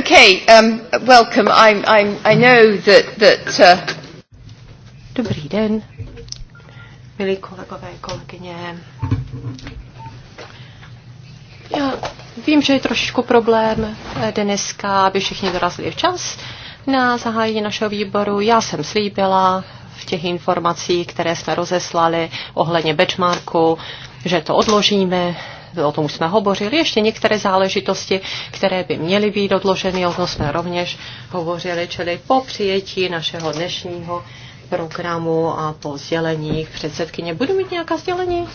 Okay, um, welcome. I'm, I'm, I know that, that, uh... Dobrý den, milí kolegové, kolegyně. Já vím, že je trošičku problém eh, dneska, aby všichni dorazili včas na zahájení našeho výboru. Já jsem slíbila v těch informacích, které jsme rozeslali ohledně benchmarku, že to odložíme o tom už jsme hovořili, ještě některé záležitosti, které by měly být odloženy, o tom jsme rovněž hovořili, čili po přijetí našeho dnešního programu a po sděleních předsedkyně. Budu mít nějaká sdělení?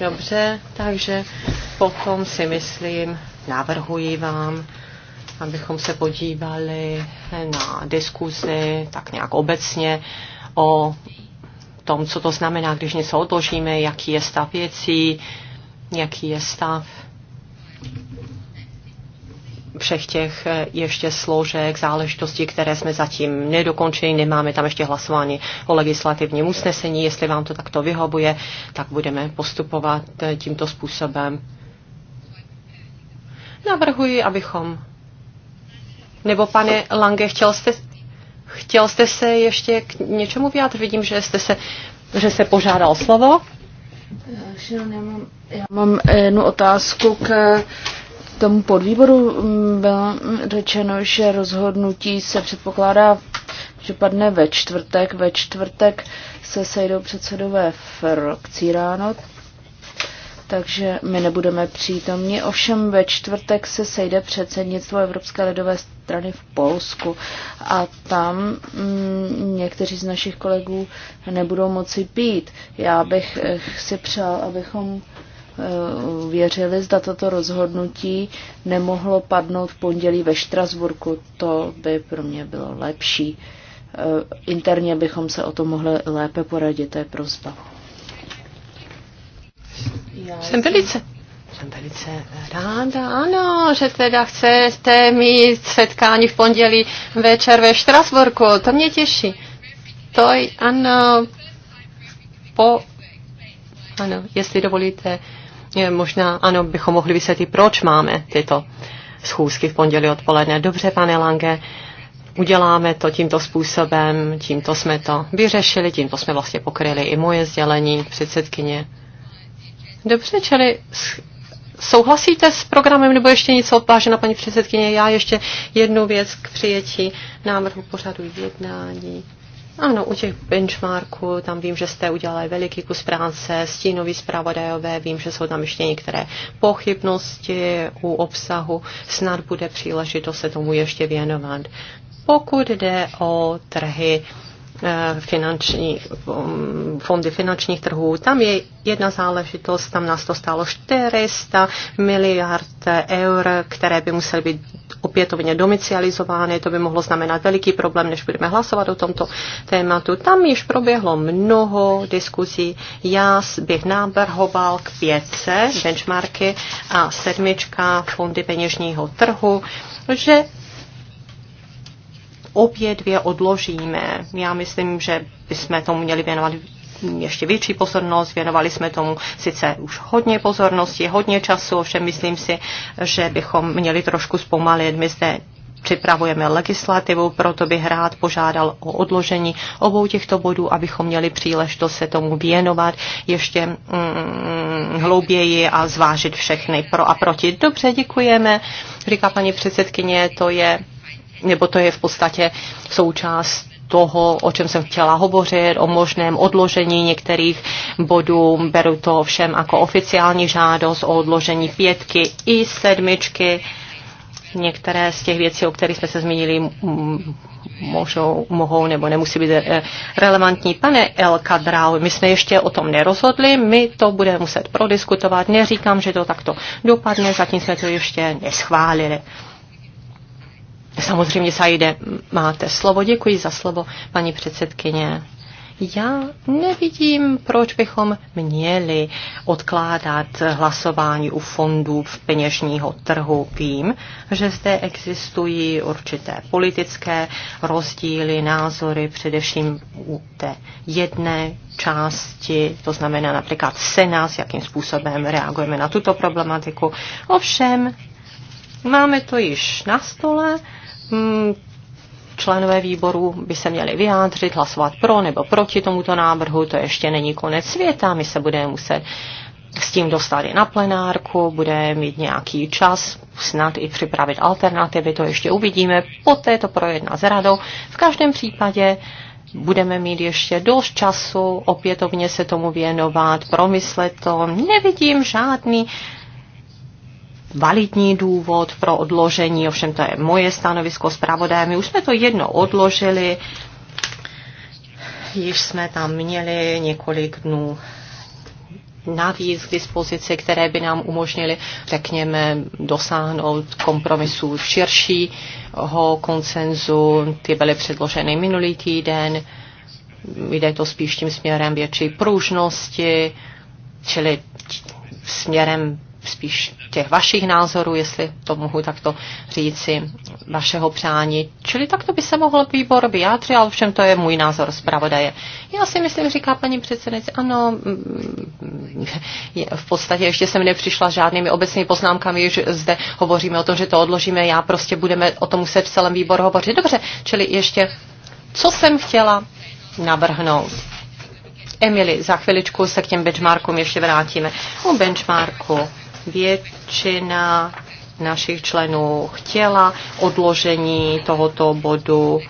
Dobře, takže potom si myslím, navrhuji vám, abychom se podívali na diskuzi tak nějak obecně o tom, co to znamená, když něco odložíme, jaký je stav věcí, jaký je stav všech těch eh, ještě složek, záležitostí, které jsme zatím nedokončili, nemáme tam ještě hlasování o legislativním usnesení. Jestli vám to takto vyhovuje, tak budeme postupovat eh, tímto způsobem. Navrhuji, abychom. Nebo pane Lange, chtěl jste, chtěl jste se ještě k něčemu vyjádřit? Vidím, že jste se, že se požádal slovo. Šel, já mám, já mám jednu otázku k tomu podvýboru. Mm, Bylo řečeno, že rozhodnutí se předpokládá, že padne ve čtvrtek. Ve čtvrtek se sejdou předsedové frakcí ráno, takže my nebudeme přítomni. Ovšem ve čtvrtek se sejde předsednictvo Evropské lidové strany v Polsku a tam mm, někteří z našich kolegů nebudou moci být. Já bych eh, si přál, abychom eh, věřili, zda toto rozhodnutí nemohlo padnout v pondělí ve Štrasburku. To by pro mě bylo lepší. Eh, interně bychom se o to mohli lépe poradit, to je prozba. Jsem velice jsem velice ráda, ano, že teda chcete mít setkání v pondělí večer ve Štrasburku, to mě těší. To je, ano, po, ano, jestli dovolíte, je, možná, ano, bychom mohli vysvětlit, proč máme tyto schůzky v pondělí odpoledne. Dobře, pane Lange, uděláme to tímto způsobem, tímto jsme to vyřešili, tímto jsme vlastně pokryli i moje sdělení předsedkyně. Dobře, čili souhlasíte s programem nebo ještě něco, vážená paní předsedkyně? Já ještě jednu věc k přijetí návrhu pořadu jednání. Ano, u těch benchmarků, tam vím, že jste udělali veliký kus práce, stínový zpravodajové, vím, že jsou tam ještě některé pochybnosti u obsahu, snad bude příležitost se tomu ještě věnovat. Pokud jde o trhy Eh, finanční um, fondy finančních trhů. Tam je jedna záležitost, tam nás to stálo 400 miliard eur, které by musely být opětovně domicializovány. To by mohlo znamenat veliký problém, než budeme hlasovat o tomto tématu. Tam již proběhlo mnoho diskuzí. Já bych nábrhoval k pětce benchmarky a sedmička fondy peněžního trhu, že obě dvě odložíme. Já myslím, že bychom tomu měli věnovat ještě větší pozornost, věnovali jsme tomu sice už hodně pozornosti, hodně času, ovšem myslím si, že bychom měli trošku zpomalit. My zde připravujeme legislativu, proto bych rád požádal o odložení obou těchto bodů, abychom měli příležitost se tomu věnovat ještě mm, hlouběji a zvážit všechny pro a proti. Dobře, děkujeme, říká paní předsedkyně, to je nebo to je v podstatě součást toho, o čem jsem chtěla hovořit, o možném odložení některých bodů. Beru to všem jako oficiální žádost o odložení pětky i sedmičky. Některé z těch věcí, o kterých jsme se zmínili, možou, mohou nebo nemusí být eh, relevantní. Pane El Kadrau, my jsme ještě o tom nerozhodli, my to budeme muset prodiskutovat. Neříkám, že to takto dopadne, zatím jsme to ještě neschválili. Samozřejmě, Saide, máte slovo. Děkuji za slovo, paní předsedkyně. Já nevidím, proč bychom měli odkládat hlasování u fondů v peněžního trhu. Vím, že zde existují určité politické rozdíly, názory, především u té jedné části, to znamená například Senát, jakým způsobem reagujeme na tuto problematiku. Ovšem, máme to již na stole Hmm, členové výboru by se měli vyjádřit, hlasovat pro nebo proti tomuto návrhu. To ještě není konec světa, my se budeme muset s tím dostat i na plenárku, bude mít nějaký čas, snad i připravit alternativy, to ještě uvidíme. Poté to projedná s radou. V každém případě budeme mít ještě dost času opětovně se tomu věnovat, promyslet to. Nevidím žádný validní důvod pro odložení, ovšem to je moje stanovisko s My už jsme to jedno odložili, již jsme tam měli několik dnů navíc k dispozici, které by nám umožnily, řekněme, dosáhnout kompromisu širšího koncenzu. Ty byly předloženy minulý týden. Jde to spíš tím směrem větší pružnosti, čili směrem spíš těch vašich názorů, jestli to mohu takto říci, vašeho přání. Čili takto by se mohl výbor vyjádřit, ale všem to je můj názor zpravodaje. Já si myslím, říká paní předsednice, ano, mm, v podstatě ještě jsem nepřišla s žádnými obecnými poznámkami, že zde hovoříme o tom, že to odložíme, já prostě budeme o tom muset v celém výboru hovořit. Dobře, čili ještě, co jsem chtěla navrhnout. Emily, za chviličku se k těm benchmarkům ještě vrátíme. U benchmarku Většina našich členů chtěla odložení tohoto bodu.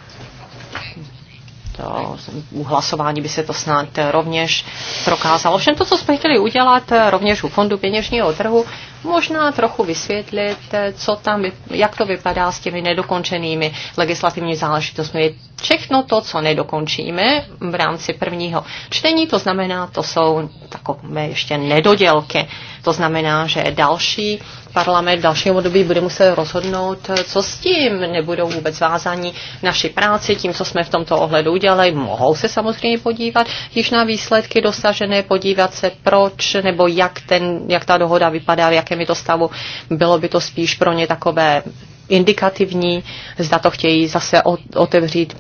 To, u hlasování by se to snad rovněž prokázalo. Všem to, co jsme chtěli udělat rovněž u Fondu peněžního trhu, možná trochu vysvětlit, co tam, jak to vypadá s těmi nedokončenými legislativní záležitostmi. Všechno to, co nedokončíme v rámci prvního čtení, to znamená, to jsou takové ještě nedodělky. To znamená, že další parlament v dalším období bude muset rozhodnout, co s tím. Nebudou vůbec vázaní naši práci tím, co jsme v tomto ohledu udělali. Mohou se samozřejmě podívat již na výsledky dosažené, podívat se proč nebo jak, ten, jak ta dohoda vypadá, jak to stavu. Bylo by to spíš pro ně takové indikativní, zda to chtějí zase otevřít,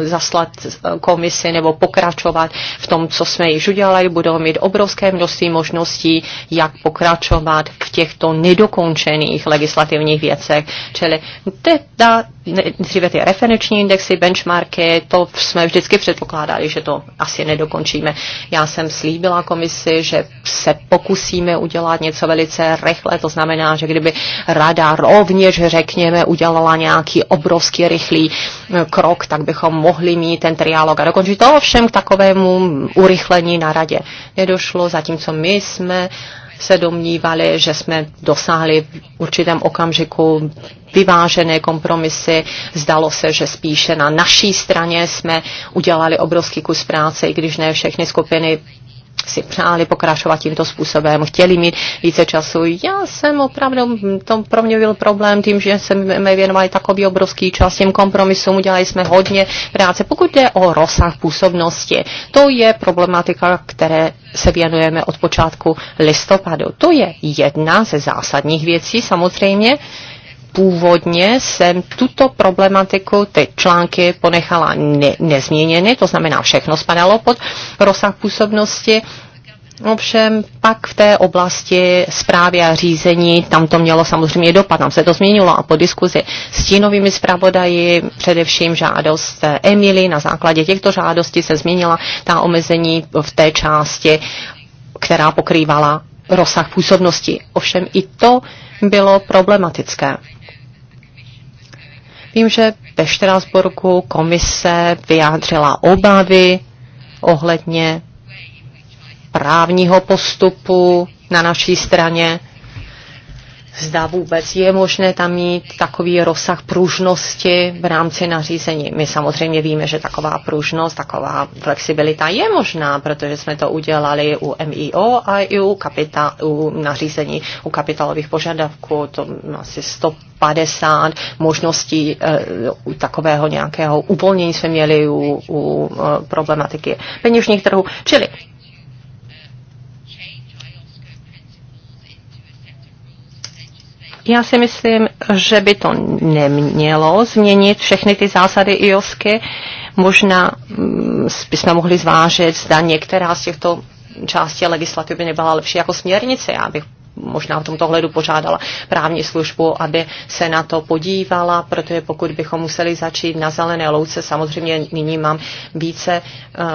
zaslat komisi nebo pokračovat v tom, co jsme již udělali, budou mít obrovské množství možností, jak pokračovat v těchto nedokončených legislativních věcech. Čili teda dříve ty referenční indexy, benchmarky, to jsme vždycky předpokládali, že to asi nedokončíme. Já jsem slíbila komisi, že se pokusíme udělat něco velice rychle, to znamená, že kdyby rada rovněž řekla, řekněme, udělala nějaký obrovský rychlý eh, krok, tak bychom mohli mít ten trialog a dokončit. To ovšem k takovému urychlení na radě nedošlo, zatímco my jsme se domnívali, že jsme dosáhli v určitém okamžiku vyvážené kompromisy. Zdalo se, že spíše na naší straně jsme udělali obrovský kus práce, i když ne všechny skupiny si přáli pokračovat tímto způsobem, chtěli mít více času. Já jsem opravdu, to pro mě byl problém tím, že jsme věnovali takový obrovský čas těm kompromisům, udělali jsme hodně práce. Pokud jde o rozsah působnosti, to je problematika, které se věnujeme od počátku listopadu. To je jedna ze zásadních věcí samozřejmě původně jsem tuto problematiku, ty články ponechala ne, nezměněny, to znamená všechno spadalo pod rozsah působnosti. Ovšem pak v té oblasti zprávy a řízení, tam to mělo samozřejmě dopad, tam se to změnilo a po diskuzi s tínovými zpravodaji, především žádost Emily, na základě těchto žádostí se změnila ta omezení v té části, která pokrývala rozsah působnosti. Ovšem i to bylo problematické. Vím, že ve Štrásburku komise vyjádřila obavy ohledně právního postupu na naší straně zda vůbec je možné tam mít takový rozsah pružnosti v rámci nařízení. My samozřejmě víme, že taková pružnost, taková flexibilita je možná, protože jsme to udělali u MIO a i u, kapita, u nařízení u kapitalových požadavků, to asi 100 50 možností uh, takového nějakého uvolnění jsme měli u, u uh, problematiky peněžních trhů. Čili Já si myslím, že by to nemělo změnit všechny ty zásady IOSky. Možná mm, bychom mohli zvážit, zda některá z těchto části legislativy nebyla lepší jako směrnice. Já bych možná v tomto hledu požádala právní službu, aby se na to podívala, protože pokud bychom museli začít na zelené louce, samozřejmě nyní mám více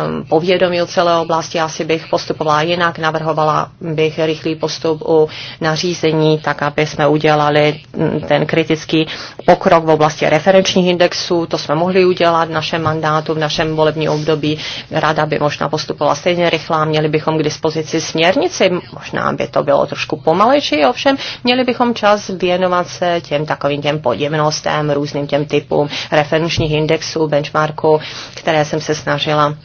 um, povědomí o celé oblasti, asi bych postupovala jinak, navrhovala bych rychlý postup u nařízení, tak aby jsme udělali mm, ten kritický pokrok v oblasti referenčních indexů, to jsme mohli udělat v našem mandátu, v našem volebním období. Rada by možná postupovala stejně rychlá, měli bychom k dispozici směrnici, možná by to bylo trošku pom- pomalejší, ovšem měli bychom čas věnovat se těm takovým těm podivnostem, různým těm typům referenčních indexů, benchmarků, které jsem se snažila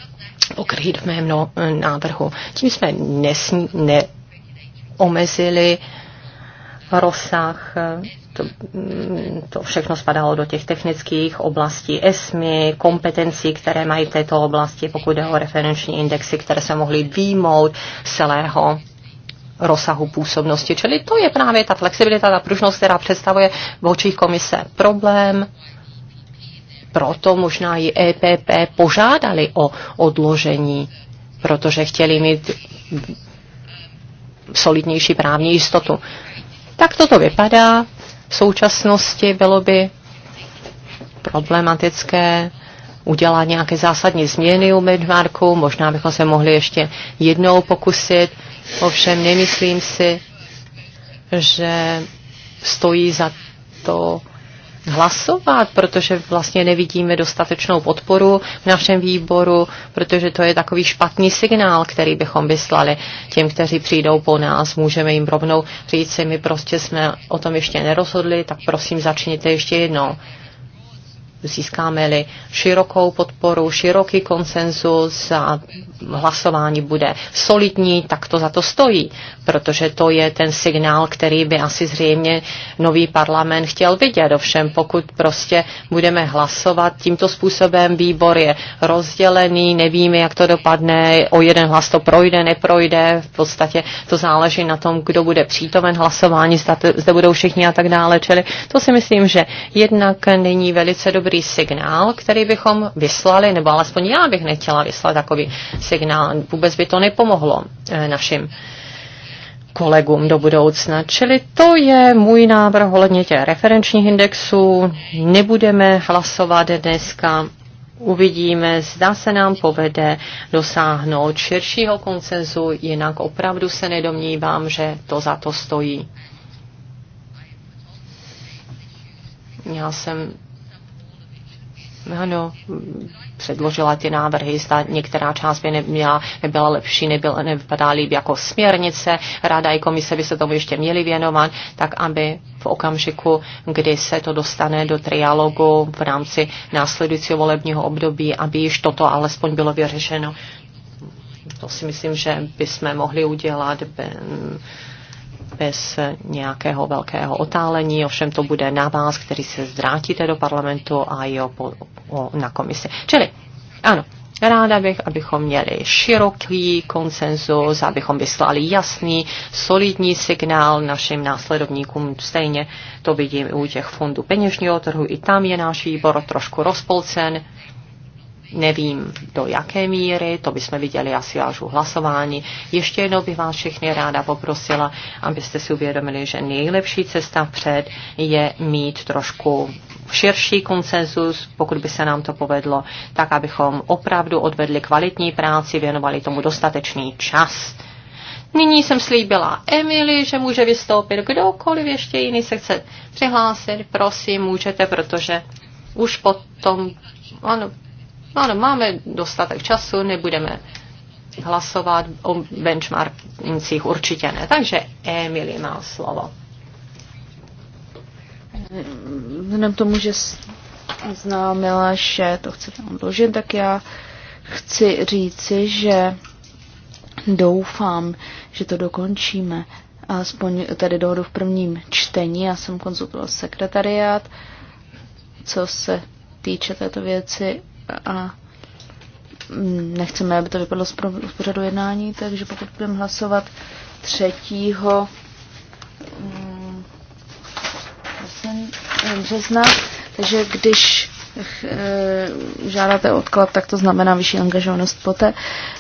pokrýt v mém no, návrhu. Tím jsme nesní, omezili rozsah to, to všechno spadalo do těch technických oblastí ESMI, kompetencí, které mají v této oblasti, pokud jde o referenční indexy, které se mohly výmout celého rozsahu působnosti. Čili to je právě ta flexibilita, ta pružnost, která představuje v očích komise problém. Proto možná i EPP požádali o odložení, protože chtěli mít solidnější právní jistotu. Tak toto vypadá. V současnosti bylo by problematické udělá nějaké zásadní změny u Medmarku, možná bychom se mohli ještě jednou pokusit, ovšem nemyslím si, že stojí za to hlasovat, protože vlastně nevidíme dostatečnou podporu v našem výboru, protože to je takový špatný signál, který bychom vyslali těm, kteří přijdou po nás. Můžeme jim rovnou říct, my prostě jsme o tom ještě nerozhodli, tak prosím začněte ještě jednou získáme-li širokou podporu, široký konsenzus a hlasování bude solidní, tak to za to stojí, protože to je ten signál, který by asi zřejmě nový parlament chtěl vidět. Ovšem, pokud prostě budeme hlasovat tímto způsobem, výbor je rozdělený, nevíme, jak to dopadne, o jeden hlas to projde, neprojde, v podstatě to záleží na tom, kdo bude přítomen hlasování, zda, budou všichni a tak dále. Čili to si myslím, že jednak není velice dobré dobrý signál, který bychom vyslali, nebo alespoň já bych nechtěla vyslat takový signál. Vůbec by to nepomohlo eh, našim kolegům do budoucna. Čili to je můj návrh ohledně těch referenčních indexů. Nebudeme hlasovat dneska. Uvidíme, zda se nám povede dosáhnout širšího koncenzu, jinak opravdu se nedomnívám, že to za to stojí. Já jsem ano, předložila ty návrhy, zda některá část by neměla, nebyla lepší, nebyla, nevypadá líp jako směrnice, ráda i komise by se tomu ještě měli věnovat, tak aby v okamžiku, kdy se to dostane do trialogu v rámci následujícího volebního období, aby již toto alespoň bylo vyřešeno. To si myslím, že bychom mohli udělat. Ben, bez nějakého velkého otálení, ovšem to bude na vás, který se zvrátíte do parlamentu a i o, o, na komisi. Čili, ano, Ráda bych, abychom měli široký konsenzus, abychom vyslali jasný, solidní signál našim následovníkům. Stejně to vidím u těch fondů peněžního trhu, i tam je náš výbor trošku rozpolcen. Nevím, do jaké míry, to bychom viděli asi až u hlasování. Ještě jednou bych vás všechny ráda poprosila, abyste si uvědomili, že nejlepší cesta před je mít trošku širší konsenzus, pokud by se nám to povedlo, tak abychom opravdu odvedli kvalitní práci, věnovali tomu dostatečný čas. Nyní jsem slíbila Emily, že může vystoupit kdokoliv ještě jiný se chce přihlásit. Prosím, můžete, protože už potom, ano, ano, máme dostatek času, nebudeme hlasovat o benchmarkincích určitě ne. Takže Emily má slovo. Vzhledem tomu, že známila, že to chcete odložit, tak já chci říci, že doufám, že to dokončíme. Aspoň tady dohodu v prvním čtení. Já jsem konzultoval sekretariát, co se týče této věci a nechceme, aby to vypadlo z pořadu jednání, takže pokud budeme hlasovat třetího mm, vlastně března, takže když eh, žádáte odklad, tak to znamená vyšší angažovanost poté.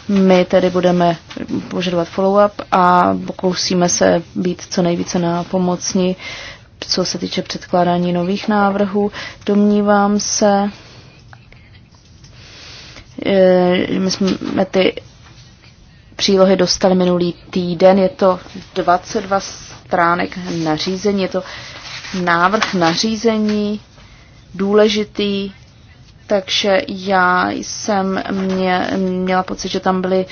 My tedy budeme požadovat follow-up a pokusíme se být co nejvíce na pomocni, co se týče předkládání nových návrhů. Domnívám se, Eh, my jsme ty přílohy dostali minulý týden. Je to 22 stránek nařízení. Je to návrh nařízení důležitý, takže já jsem mě, měla pocit, že tam byly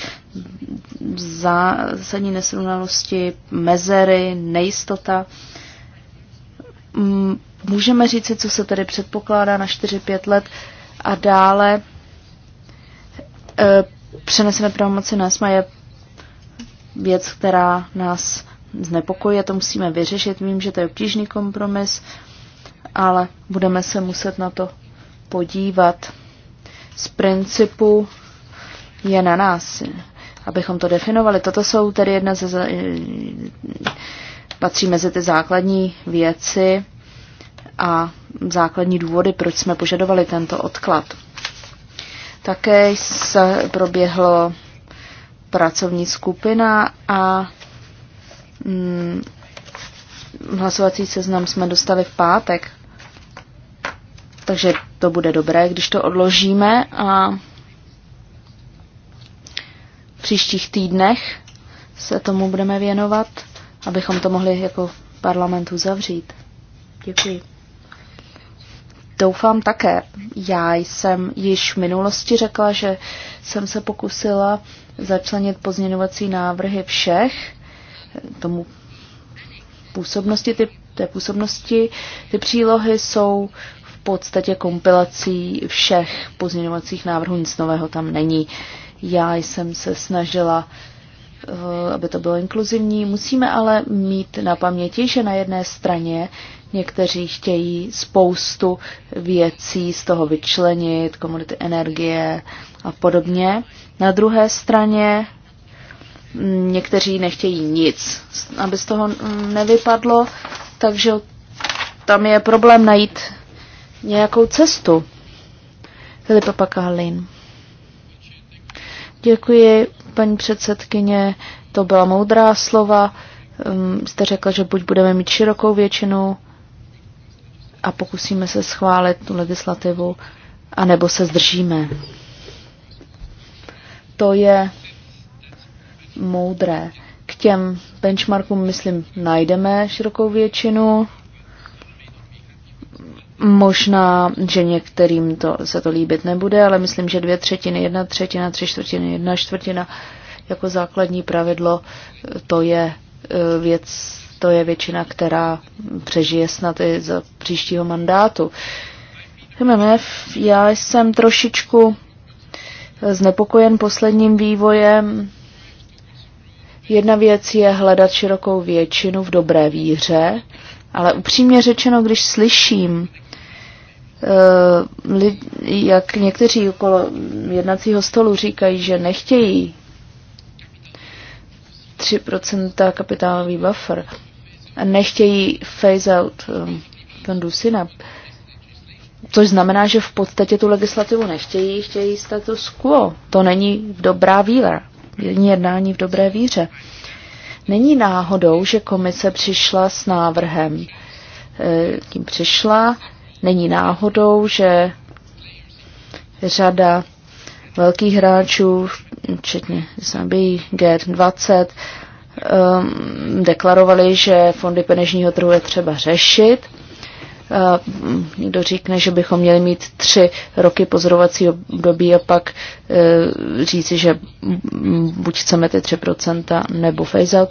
zásadní nesrovnalosti, mezery, nejistota. Můžeme si, co se tedy předpokládá na 4-5 let a dále Eh, přeneseme pravomoci nás má je věc, která nás znepokojuje, to musíme vyřešit. Vím, že to je obtížný kompromis, ale budeme se muset na to podívat. Z principu je na nás, abychom to definovali. Toto jsou tedy jedna ze, patří mezi ty základní věci a základní důvody, proč jsme požadovali tento odklad. Také se proběhlo pracovní skupina a hm, hlasovací seznam jsme dostali v pátek. Takže to bude dobré, když to odložíme a v příštích týdnech se tomu budeme věnovat, abychom to mohli jako parlament uzavřít. Děkuji doufám také. Já jsem již v minulosti řekla, že jsem se pokusila začlenit pozměňovací návrhy všech tomu působnosti, ty, té působnosti. Ty přílohy jsou v podstatě kompilací všech pozměňovacích návrhů, nic nového tam není. Já jsem se snažila eh, aby to bylo inkluzivní. Musíme ale mít na paměti, že na jedné straně Někteří chtějí spoustu věcí z toho vyčlenit, komunity energie a podobně. Na druhé straně mm, někteří nechtějí nic, aby z toho mm, nevypadlo, takže tam je problém najít nějakou cestu. Filipa Pakalin. Děkuji, paní předsedkyně, to byla moudrá slova. Mm, jste řekla, že buď budeme mít širokou většinu, a pokusíme se schválit tu legislativu, anebo se zdržíme. To je moudré. K těm benchmarkům, myslím, najdeme širokou většinu. Možná, že některým to, se to líbit nebude, ale myslím, že dvě třetiny, jedna třetina, tři čtvrtiny, jedna čtvrtina jako základní pravidlo, to je eh, věc, to je většina, která přežije snad i za příštího mandátu. MMF, já jsem trošičku znepokojen posledním vývojem. Jedna věc je hledat širokou většinu v dobré víře, ale upřímně řečeno, když slyším, eh, jak někteří okolo jednacího stolu říkají, že nechtějí 3% kapitálový buffer, nechtějí phase out eh, ten Dusina. Což znamená, že v podstatě tu legislativu nechtějí, chtějí status quo. To není v dobrá víra. Není jednání v dobré víře. Není náhodou, že komise přišla s návrhem. Eh, tím přišla. Není náhodou, že řada velkých hráčů, včetně Zambii, G20, Ehm, deklarovali, že fondy peněžního trhu je třeba řešit. Ehm, někdo říkne, že bychom měli mít tři roky pozorovací období a pak ehm, říci, že buď chceme ty 3% nebo phase-out.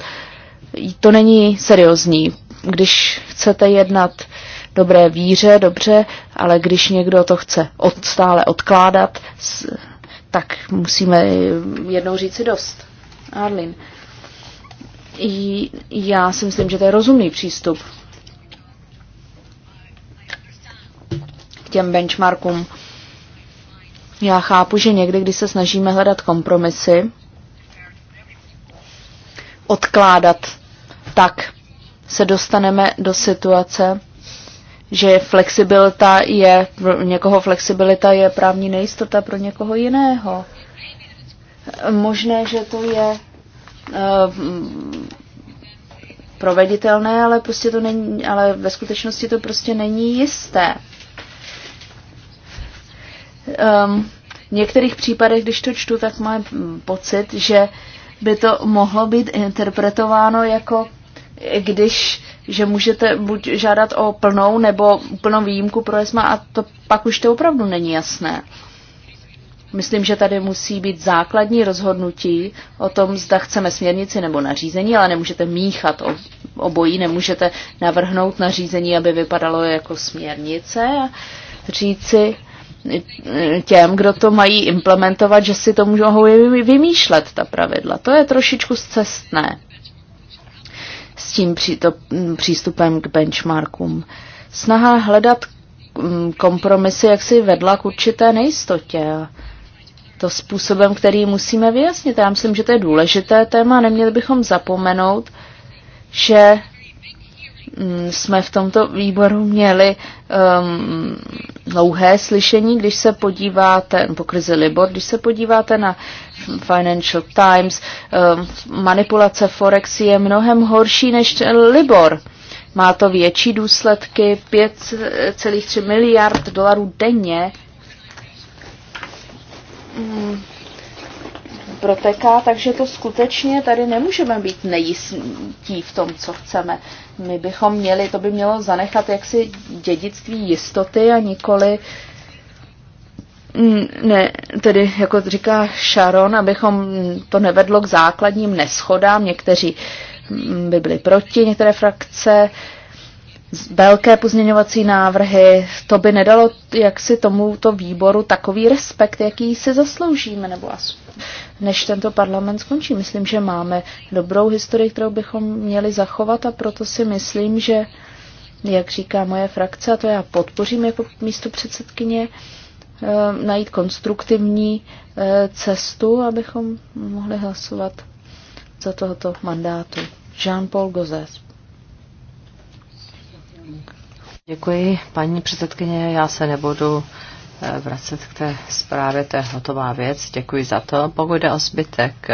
To není seriózní. Když chcete jednat dobré víře, dobře, ale když někdo to chce od, stále odkládat, tak musíme jednou říci dost. Uh, já si myslím, že to je rozumný přístup k těm benchmarkům. Já chápu, že někdy, když se snažíme hledat kompromisy, odkládat, tak se dostaneme do situace, že flexibilita je, pro někoho flexibilita je právní nejistota pro někoho jiného. Možné, že to je Eh, proveditelné, ale prostě to není, ale ve skutečnosti to prostě není jisté. Um, v některých případech, když to čtu, tak mám pocit, že by to mohlo být interpretováno jako když, že můžete buď žádat o plnou nebo úplnou výjimku pro ESMA a to pak už to opravdu není jasné. Uh, Myslím, že tady musí být základní rozhodnutí o tom, zda chceme směrnici nebo nařízení, ale nemůžete míchat obojí, nemůžete navrhnout nařízení, aby vypadalo jako směrnice a říci těm, kdo to mají implementovat, že si to mohou vymýšlet, ta pravidla. To je trošičku zcestné s tím přístupem k benchmarkům. Snaha hledat mm, kompromisy jak si vedla k určité nejistotě to způsobem, který musíme vyjasnit. Já myslím, že to je důležité téma. Neměli bychom zapomenout, že mm, jsme v tomto výboru měli um, dlouhé slyšení, když se podíváte, po krizi Libor, když se podíváte na Financial Times, um, manipulace Forex je mnohem horší než Libor. Má to větší důsledky, 5,3 miliard dolarů denně Mm, proteká, takže to skutečně tady nemůžeme být nejistí v tom, co chceme. My bychom měli, to by mělo zanechat jaksi dědictví jistoty a nikoli mm, ne, tedy, jako říká Sharon, abychom to nevedlo k základním neschodám. Někteří mm, by byli proti, některé frakce, velké pozměňovací návrhy, to by nedalo jak si tomuto výboru takový respekt, jaký si zasloužíme, nebo as, než tento parlament skončí. Myslím, že máme dobrou historii, kterou bychom měli zachovat a proto si myslím, že, jak říká moje frakce, a to já podpořím jako místo předsedkyně, eh, najít konstruktivní eh, cestu, abychom mohli hlasovat za tohoto mandátu. Jean-Paul Gozes. Děkuji, paní předsedkyně. Já se nebudu eh, vracet k té zprávě, to je hotová věc. Děkuji za to. Pokud jde o zbytek,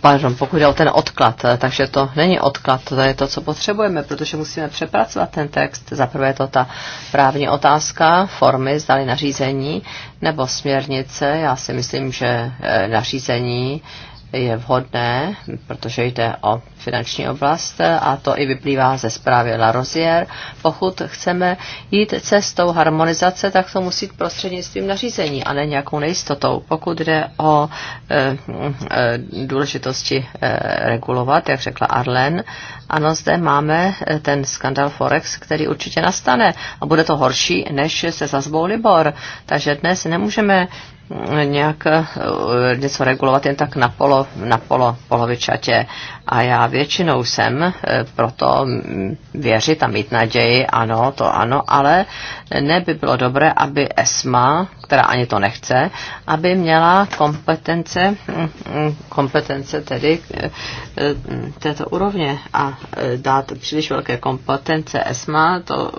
pardon, pokud jde o ten odklad, eh, takže to není odklad, to je to, co potřebujeme, protože musíme přepracovat ten text. Za prvé je to ta právní otázka, formy, zdali nařízení nebo směrnice. Já si myslím, že eh, nařízení je vhodné, protože jde o finanční oblast a to i vyplývá ze zprávy La Rosière. Pokud chceme jít cestou harmonizace, tak to musí jít prostřednictvím nařízení a ne nějakou nejistotou. Pokud jde o e, e, důležitosti e, regulovat, jak řekla Arlen, ano, zde máme ten skandal Forex, který určitě nastane a bude to horší, než se zazbou Libor. Takže dnes nemůžeme nějak eh, něco regulovat jen tak na polo, na polo, polovičatě. A já většinou jsem eh, proto mm, věřit a mít naději, ano, to ano, ale neby bylo dobré, aby ESMA, která ani to nechce, aby měla kompetence, mm, mm, kompetence tedy eh, této úrovně a dát příliš velké kompetence ESMA, to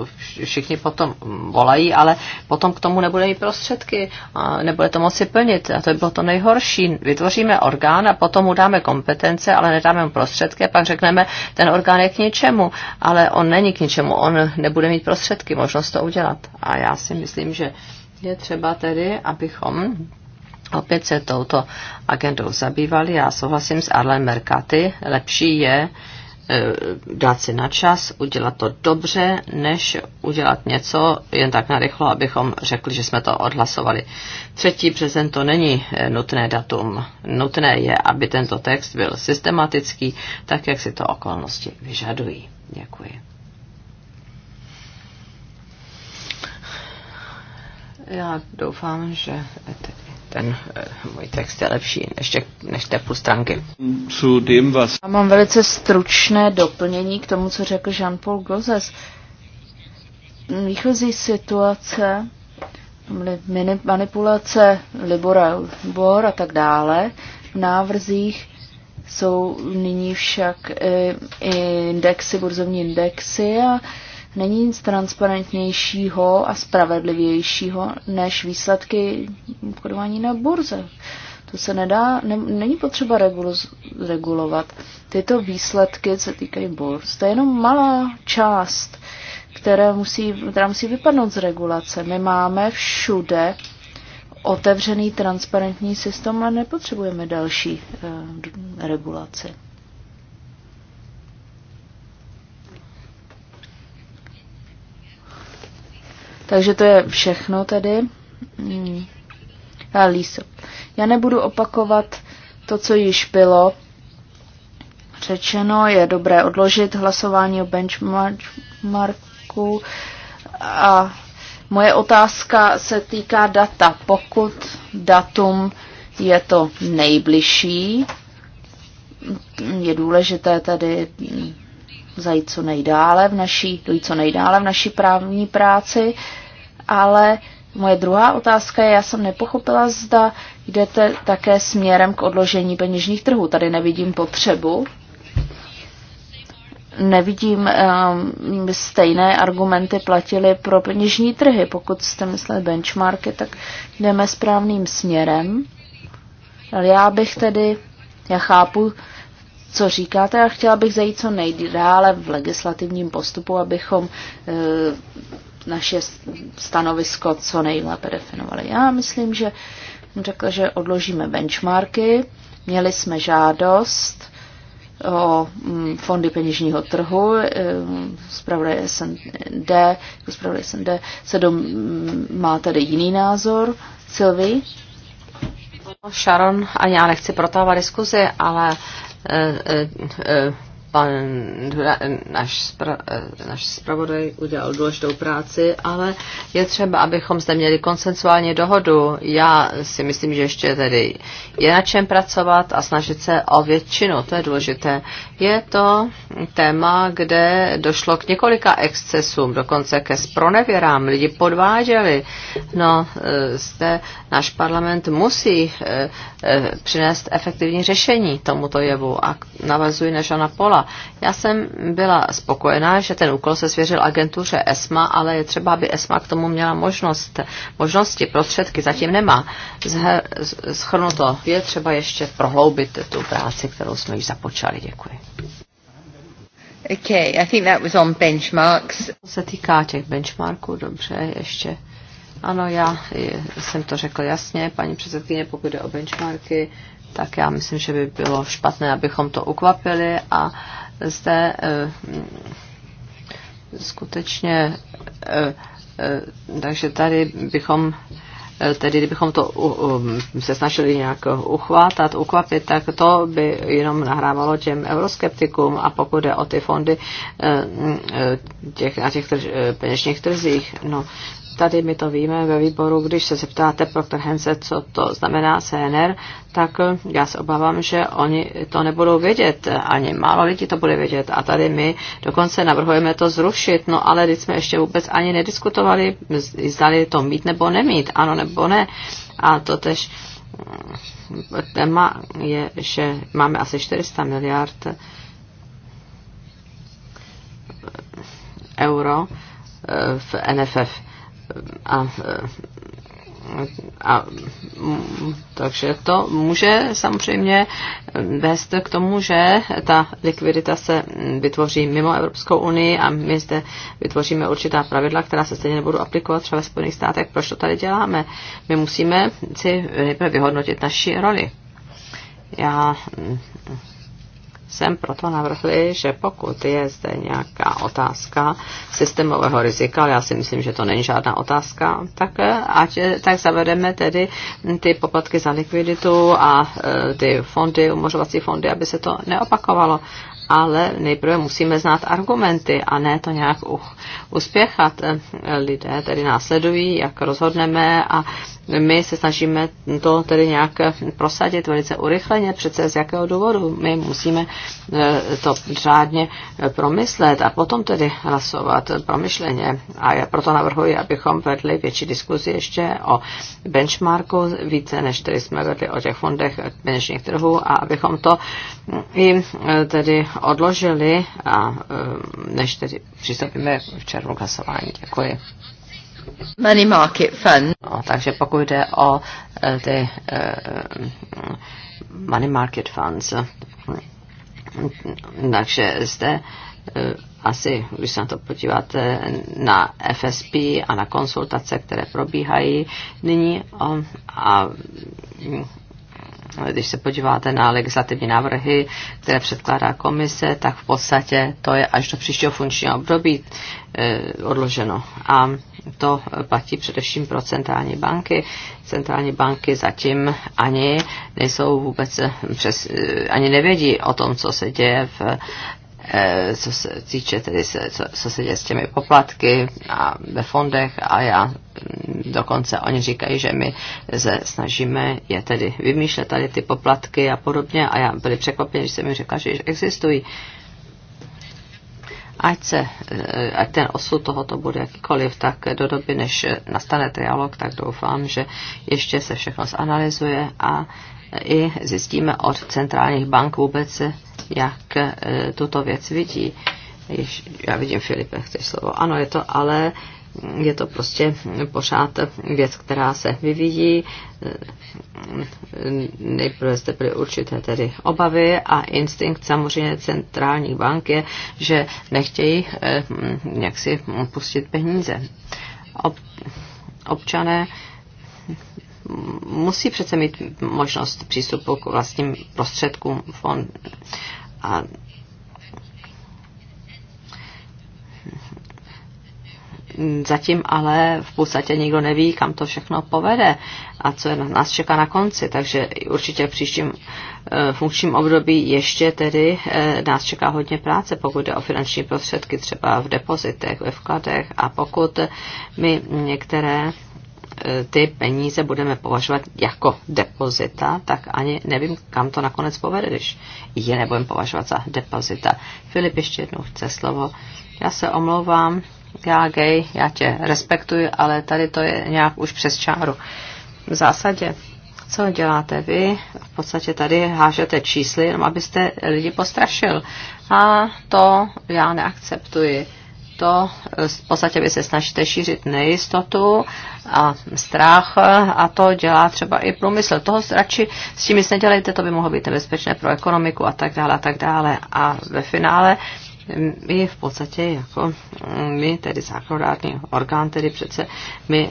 všichni potom volají, ale potom k tomu nebude mít prostředky a nebude to moci plnit. A to by bylo to nejhorší. Vytvoříme orgán a potom mu dáme kompetence, ale nedáme mu prostředky a pak řekneme, ten orgán je k ničemu, ale on není k ničemu, on nebude mít prostředky, možnost to udělat. A já si myslím, že je třeba tedy, abychom opět se touto agendou zabývali. Já souhlasím s Arlen Mercati. Lepší je, uh, Eh, dát si na čas, udělat to dobře, než udělat něco jen tak narychlo, abychom řekli, že jsme to odhlasovali. Třetí březen to není eh, nutné datum. Nutné je, aby tento text byl systematický, tak jak si to okolnosti vyžadují. Děkuji. Já doufám, že ten eh, můj text je lepší než, tě, než té půl stránky. Já mám velice stručné doplnění k tomu, co řekl Jean-Paul Gozes. Výchozí situace, manipulace Libora Bor a tak dále, v návrzích jsou nyní však eh, i indexy, burzovní indexy a Není nic transparentnějšího a spravedlivějšího než výsledky obchodování na burze. To se nedá, ne, není potřeba regulovat. Tyto výsledky se týkají burz. To je jenom malá část, které musí, která musí vypadnout z regulace. My máme všude otevřený, transparentní systém ale nepotřebujeme další eh, regulaci. Takže to je všechno tedy. Hmm. A Líso. Já nebudu opakovat to, co již bylo řečeno. Je dobré odložit hlasování o benchmarku. A moje otázka se týká data. Pokud datum je to nejbližší, je důležité tady zajít co nejdále v naší, dojít co nejdále v naší právní práci ale moje druhá otázka je, já jsem nepochopila, zda jdete také směrem k odložení peněžních trhů. Tady nevidím potřebu. Nevidím, um, stejné argumenty platily pro peněžní trhy. Pokud jste mysleli benchmarky, tak jdeme správným směrem. Ale já bych tedy, já chápu, co říkáte a chtěla bych zajít co nejdále v legislativním postupu, abychom e, naše stanovisko co nejlépe definovali. Já myslím, že řekl, že odložíme benchmarky. Měli jsme žádost o mm, fondy peněžního trhu, eh, zpravodaj SND, jako zpravodaj SND se dom, mm, má tady jiný názor. Silvi? Sharon, a já nechci protávat diskuzi, ale eh, eh, pan, náš, spra, eh, náš spravodaj udělal důležitou práci, ale je třeba, abychom zde měli konsensuální dohodu. Já si myslím, že ještě tedy je na čem pracovat a snažit se o většinu, to je důležité. Je to téma, kde došlo k několika excesům, dokonce ke spronevěrám, lidi podváděli. No, eh, zde náš parlament musí eh, Eh, přinést efektivní řešení tomuto jevu a navazuji na Žana Pola. Já jsem byla spokojená, že ten úkol se svěřil agentuře ESMA, ale je třeba, aby ESMA k tomu měla možnost, možnosti, prostředky, zatím nemá. Zher, schrnuto, je třeba ještě prohloubit tu práci, kterou jsme již započali. Děkuji. Okay, I think that was on benchmarks. Co se týká těch benchmarků, dobře, ještě ano, já jsem to řekl jasně, paní předsedkyně, pokud jde o benchmarky, tak já myslím, že by bylo špatné, abychom to ukvapili a zde e, skutečně, e, e, takže tady bychom tedy kdybychom to u, se snažili nějak uchvátat, ukvapit, tak to by jenom nahrávalo těm euroskeptikům a pokud jde o ty fondy mm, těch, na těch trž, peněžních trzích, no tady my to víme ve výboru, když se zeptáte Procter Hense, co to znamená CNR, tak já se obávám, že oni to nebudou vědět, ani málo lidí to bude vědět a tady my dokonce navrhujeme to zrušit, no ale teď jsme ještě vůbec ani nediskutovali, zdali to mít nebo nemít, ano nebo ne a to tež téma je, že máme asi 400 miliard euro eh, v NFF a, a, takže to může samozřejmě vést k tomu, že ta likvidita se vytvoří mimo Evropskou unii a my zde vytvoříme určitá pravidla, která se stejně nebudou aplikovat třeba ve Spojených státech. Proč to tady děláme? My musíme si nejprve vyhodnotit naši roli. Já jsem proto navrhli, že pokud je zde nějaká otázka systémového rizika, ale já si myslím, že to není žádná otázka, tak, eh, ať, eh, tak zavedeme tedy ty poplatky za likviditu a eh, ty fondy, umožovací fondy, aby se to neopakovalo ale nejprve musíme znát argumenty a ne to nějak uch, uspěchat. Eh, Lidé tedy následují, jak rozhodneme a my se snažíme to tedy nějak prosadit velice urychleně. Přece z jakého důvodu? My musíme eh, to řádně eh, promyslet a potom tedy hlasovat promyšleně. A já proto navrhuji, abychom vedli větší diskuzi ještě o benchmarku, více než tedy jsme vedli o těch fondech peněžních trhů a abychom to mm, i tedy odložili, a, než tedy přistoupíme v hlasování. Děkuji. Money Market Fund. No, takže pokud jde o e, ty uh, Money Market Funds, takže zde uh, asi, když se na to podíváte, na FSP a na konsultace, které probíhají nyní a, a když se podíváte na legislativní návrhy, které předkládá komise, tak v podstatě to je až do příštího funkčního období eh, odloženo. A to platí především pro centrální banky. Centrální banky zatím ani nejsou vůbec přes, eh, ani nevědí o tom, co se děje v eh, co se týče tedy, se, co, co se děje s těmi poplatky a ve fondech a já dokonce oni říkají, že my se snažíme je tedy vymýšlet tady ty poplatky a podobně a já byli překvapeni, že jsem mi řekla, že existují. Ať, se, eh, ať ten osud tohoto bude jakýkoliv, tak do doby, než nastane trialog, tak doufám, že ještě se všechno zanalizuje a eh, i zjistíme od centrálních bank vůbec, jak eh, tuto věc vidí. já vidím, Filipe, chceš slovo. Ano, je to ale je to prostě pořád věc, která se vyvíjí. Nejprve jste byly určité tedy obavy a instinkt samozřejmě centrální bank je, že nechtějí eh, si pustit peníze. Ob, občané musí přece mít možnost přístupu k vlastním prostředkům fond a zatím ale v podstatě nikdo neví, kam to všechno povede a co je nás čeká na konci. Takže určitě v příštím eh, funkčním období ještě tedy eh, nás čeká hodně práce, pokud jde o finanční prostředky třeba v depozitech, ve vkladech a pokud my některé eh, ty peníze budeme považovat jako depozita, tak ani nevím, kam to nakonec povede, když je nebudeme považovat za depozita. Filip ještě jednou chce slovo. Já se omlouvám, já gay, já tě respektuji, ale tady to je nějak už přes čáru. V zásadě, co děláte vy? V podstatě tady hážete čísly, jenom abyste lidi postrašil. A to já neakceptuji to eh, v podstatě vy se snažíte šířit nejistotu a strach a to dělá třeba i průmysl. Toho radši s tím nic nedělejte, to by mohlo být nebezpečné pro ekonomiku a tak dále a tak dále. A ve finále my v podstatě jako mm, my tedy zákonodárný orgán, tedy přece my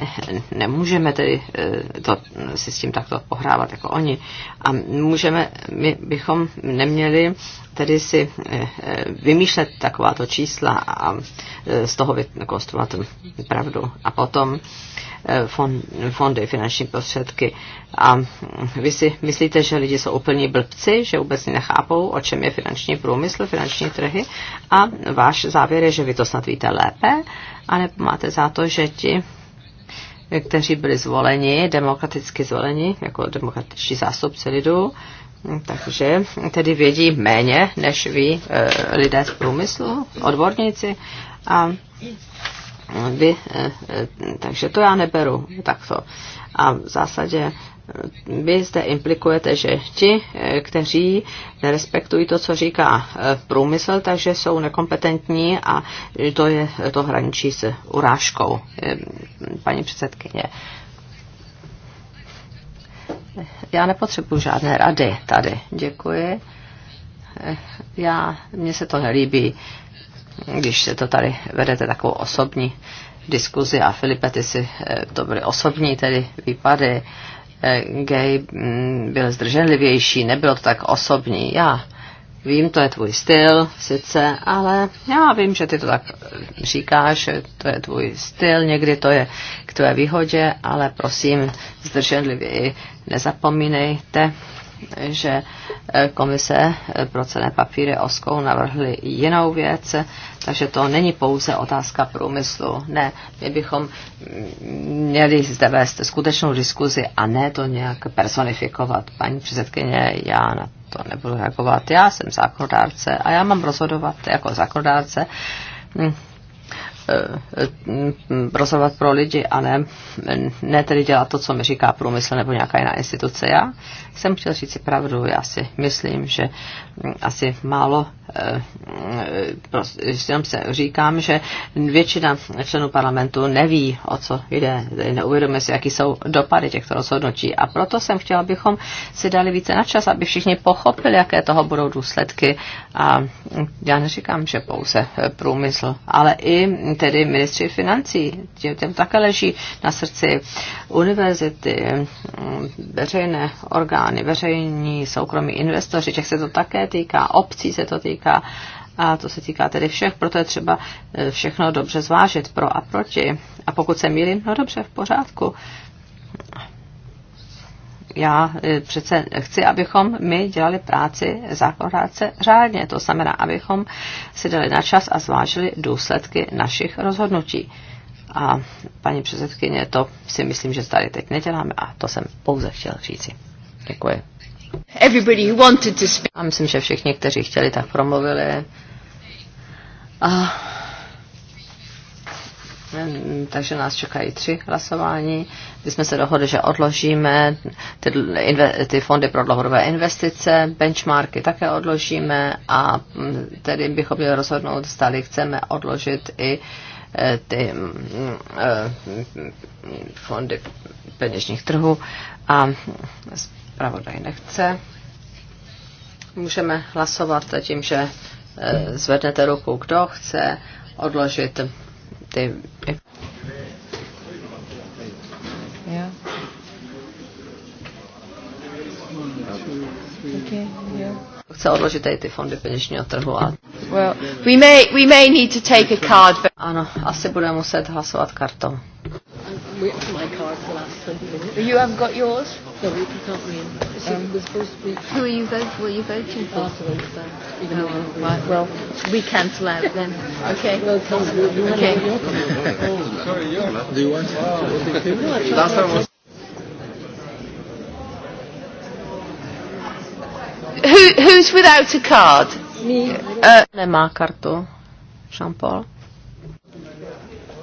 nemůžeme tedy eh, to, si s tím takto pohrávat jako oni. A můžeme, my bychom neměli tedy si eh, eh, vymýšlet takováto čísla a eh, z toho vykonstruovat pravdu. A potom fondy, finanční prostředky. A vy si myslíte, že lidi jsou úplně blbci, že vůbec nechápou, o čem je finanční průmysl, finanční trhy a váš závěr je, že vy to snad víte lépe, ale máte za to, že ti kteří byli zvoleni, demokraticky zvoleni, jako demokratičtí zástupci lidu, takže tedy vědí méně, než vy eh, lidé z průmyslu, odborníci. A vy, eh, eh, takže to já neberu takto. A v zásadě vy zde implikujete, že ti, kteří nerespektují to, co říká průmysl, takže jsou nekompetentní a to, je, to hraničí s urážkou, paní předsedkyně já nepotřebuji žádné rady tady. Děkuji. Já, mně se to nelíbí, když se to tady vedete takovou osobní diskuzi a Filipe, ty si, eh, to byly osobní tedy výpady, eh, gay mm, byl zdrženlivější, nebylo to tak osobní. Já Vím, to je tvůj styl, sice, ale já vím, že ty to tak říkáš, to je tvůj styl, někdy to je k tvé výhodě, ale prosím, zdrženlivě i nezapomínejte že eh, komise eh, pro cené papíry OSKOU navrhly jinou věc, takže to není pouze otázka průmyslu. Ne, my bychom měli zde vést skutečnou diskuzi a ne to nějak personifikovat. Paní předsedkyně, já na to nebudu reagovat. Já jsem zákonodárce a já mám rozhodovat jako zákonodárce hm, eh, rozhodovat pro lidi a ne, ne tedy dělat to, co mi říká průmysl nebo nějaká jiná instituce. Já jsem chtěl říct si pravdu. Já si myslím, že mm, asi málo eh, mm, eh, prostě, jenom se říkám, že většina členů parlamentu neví, o co jde, neuvědomuje si, jaký jsou dopady těchto rozhodnutí. A proto jsem chtěla, abychom si dali více na čas, aby všichni pochopili, jaké toho budou důsledky. A mm, já neříkám, že pouze eh, průmysl, ale i tedy ministři financí, těm také leží na srdci univerzity, veřejné orgány, orgány, veřejní, soukromí investoři, těch se to také týká, obcí se to týká a to se týká tedy všech, proto je třeba e, všechno dobře zvážit pro a proti. A pokud se mýlím, no dobře, v pořádku. Já e, přece chci, abychom my dělali práci zákonodárce řádně. To znamená, abychom si dali na čas a zvážili důsledky našich rozhodnutí. A paní předsedkyně, to si myslím, že tady teď neděláme a to jsem pouze chtěl říci. Děkuji. Everybody who wanted to speak. Já myslím, že všichni, kteří chtěli, tak promluvili. A... Mm, takže nás čekají tři hlasování. My jsme se dohodli, že odložíme ty, ty fondy pro dlouhodobé investice, benchmarky také odložíme a mm, tedy bychom měli rozhodnout, zdali chceme odložit i e, ty mm, e, fondy peněžních trhů a Zpravodaj nechce. Můžeme hlasovat tím, že eh, zvednete ruku, kdo chce odložit ty... Chce odložit tady ty fondy peněžního trhu a... Well, we may, we may need to take a card. But... Ano, asi budeme muset hlasovat kartou. You have got yours? Sorry, if you can't win. Um, we're supposed to be... Who are you, vote, Were you voting for? Afterwards, so. oh, right, well, we cancel out then. Okay. Well, okay. Do you want to? Last time was... Who, who's without a card? Me. Uh, nemá no, kartu. Jean-Paul.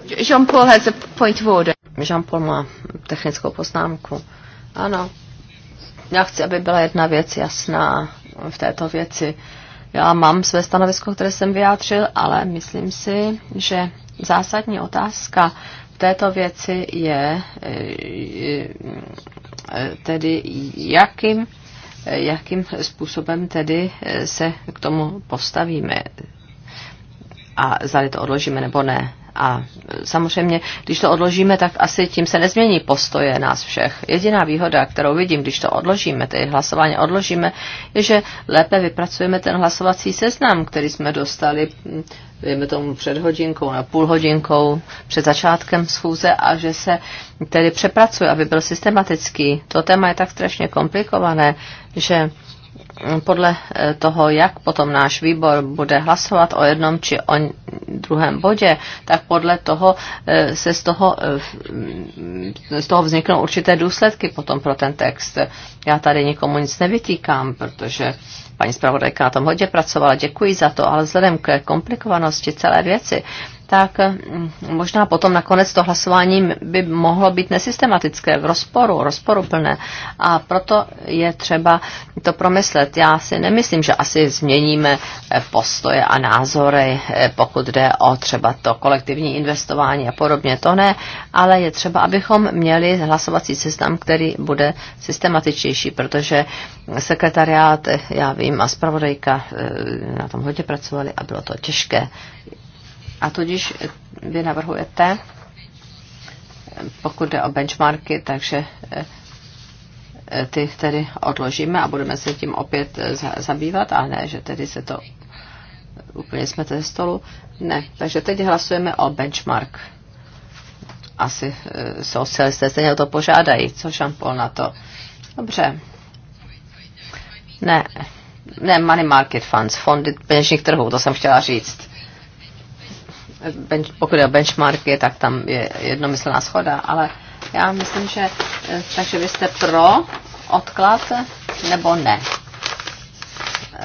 Jean-Paul has a point of order. Jean-Paul má technickou poznámku. Ano. Já chci, aby byla jedna věc jasná v této věci. Já mám své stanovisko, které jsem vyjádřil, ale myslím si, že zásadní otázka v této věci je e, e, tedy jakým, e, jakým způsobem tedy se k tomu postavíme a zda to odložíme nebo ne. A samozřejmě, když to odložíme, tak asi tím se nezmění postoje nás všech. Jediná výhoda, kterou vidím, když to odložíme, ty hlasování odložíme, je, že lépe vypracujeme ten hlasovací seznam, který jsme dostali, dejme tomu před hodinkou na půl hodinkou před začátkem schůze a že se tedy přepracuje, aby byl systematický. To téma je tak strašně komplikované, že podle eh, toho, jak potom náš výbor bude hlasovat o jednom či o druhém bodě, tak podle toho eh, se z toho, eh, mm, z toho vzniknou určité důsledky potom pro ten text. Já tady nikomu nic nevytýkám, protože paní zpravodajka na tom hodně pracovala, děkuji za to, ale vzhledem k komplikovanosti celé věci, tak mm, možná potom nakonec to hlasování by mohlo být nesystematické, v rozporu, rozporuplné. A proto je třeba to promyslet. Já si nemyslím, že asi změníme eh, postoje a názory, eh, pokud jde o třeba to kolektivní investování a podobně. To ne, ale je třeba, abychom měli hlasovací seznam, který bude systematičnější, protože sekretariát, eh, já vím, a zpravodajka na tom hodně pracovali a bylo to těžké a tudíž vy navrhujete, pokud jde o benchmarky, takže eh, ty tedy odložíme a budeme se tím opět eh, zabývat, a ne, že tedy se to úplně jsme ze stolu. Ne, takže teď hlasujeme o benchmark. Asi eh, socialisté stejně o to požádají, co šampol na to. Dobře. Ne, ne, money market funds, fondy peněžních trhů, to jsem chtěla říct bench, pokud je benchmarky, tak tam je jednomyslná schoda, ale já myslím, že eh, takže vy jste pro odklad nebo ne.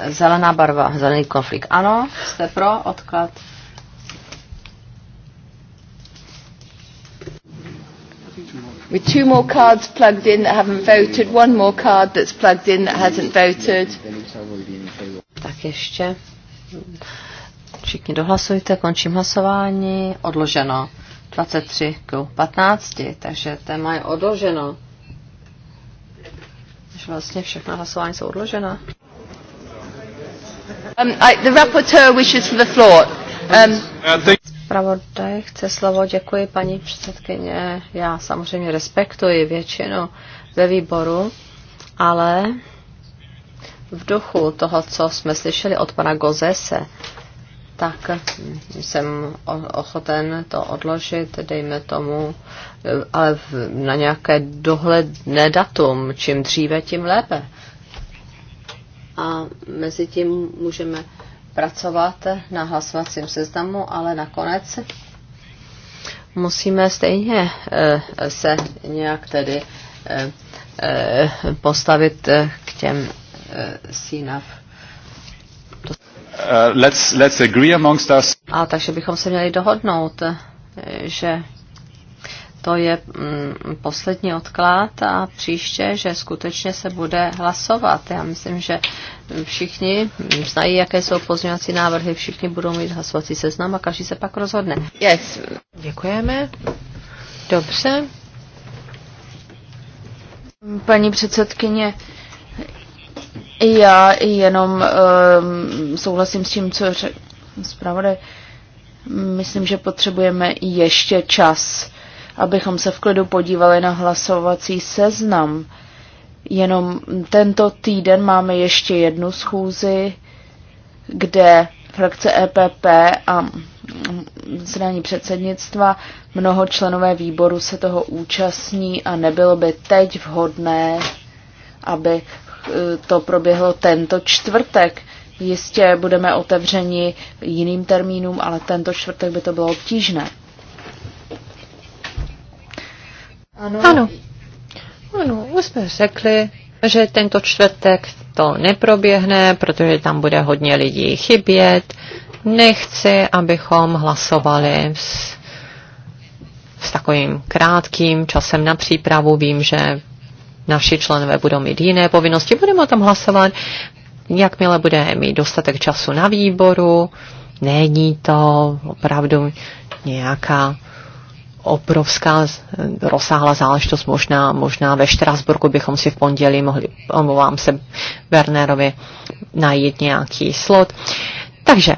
Zelená barva, zelený konflikt. Ano, jste pro odklad. with two more cards plugged in that haven't voted, one more card that's plugged in that hasn't voted. Tak ještě Všichni dohlasujte, končím hlasování. Odloženo. 23 k 15, takže téma je odloženo. Takže vlastně všechna hlasování jsou odložena. Um, I, the rapporteur wishes for the floor. Um, Pravodaj chce slovo, děkuji paní předsedkyně. Já samozřejmě respektuji většinu ve výboru, ale v duchu toho, co jsme slyšeli od pana Gozese, tak jsem ochoten to odložit, dejme tomu, ale na nějaké dohledné datum, čím dříve, tím lépe. A mezi tím můžeme pracovat na hlasovacím seznamu, ale nakonec musíme stejně eh, se nějak tedy eh, eh, postavit k těm sínav Uh, let's, let's agree amongst us. A takže bychom se měli dohodnout, že to je mm, poslední odklad a příště, že skutečně se bude hlasovat. Já myslím, že všichni znají, jaké jsou pozměňovací návrhy, všichni budou mít hlasovací seznam a každý se pak rozhodne. Yes. Děkujeme. Dobře. Paní předsedkyně, já jenom um, souhlasím s tím, co řekl zpravodaj. Myslím, že potřebujeme ještě čas, abychom se v klidu podívali na hlasovací seznam. Jenom tento týden máme ještě jednu schůzi, kde frakce EPP a zraní předsednictva, mnoho členové výboru se toho účastní a nebylo by teď vhodné, aby Eh, to proběhlo tento čtvrtek. Jistě budeme otevřeni jiným termínům, ale tento čtvrtek by to bylo obtížné. Ano. Ano, ano už jsme řekli, že tento čtvrtek to neproběhne, protože tam bude hodně lidí chybět. Nechci, abychom hlasovali s, s takovým krátkým časem na přípravu. Vím, že naši členové budou mít jiné povinnosti, budeme o tom hlasovat, jakmile bude mít dostatek času na výboru, není to opravdu nějaká obrovská rozsáhlá záležitost. Možná, možná ve Štrasburku bychom si v pondělí mohli, omlouvám se Wernerovi, najít nějaký slot. Takže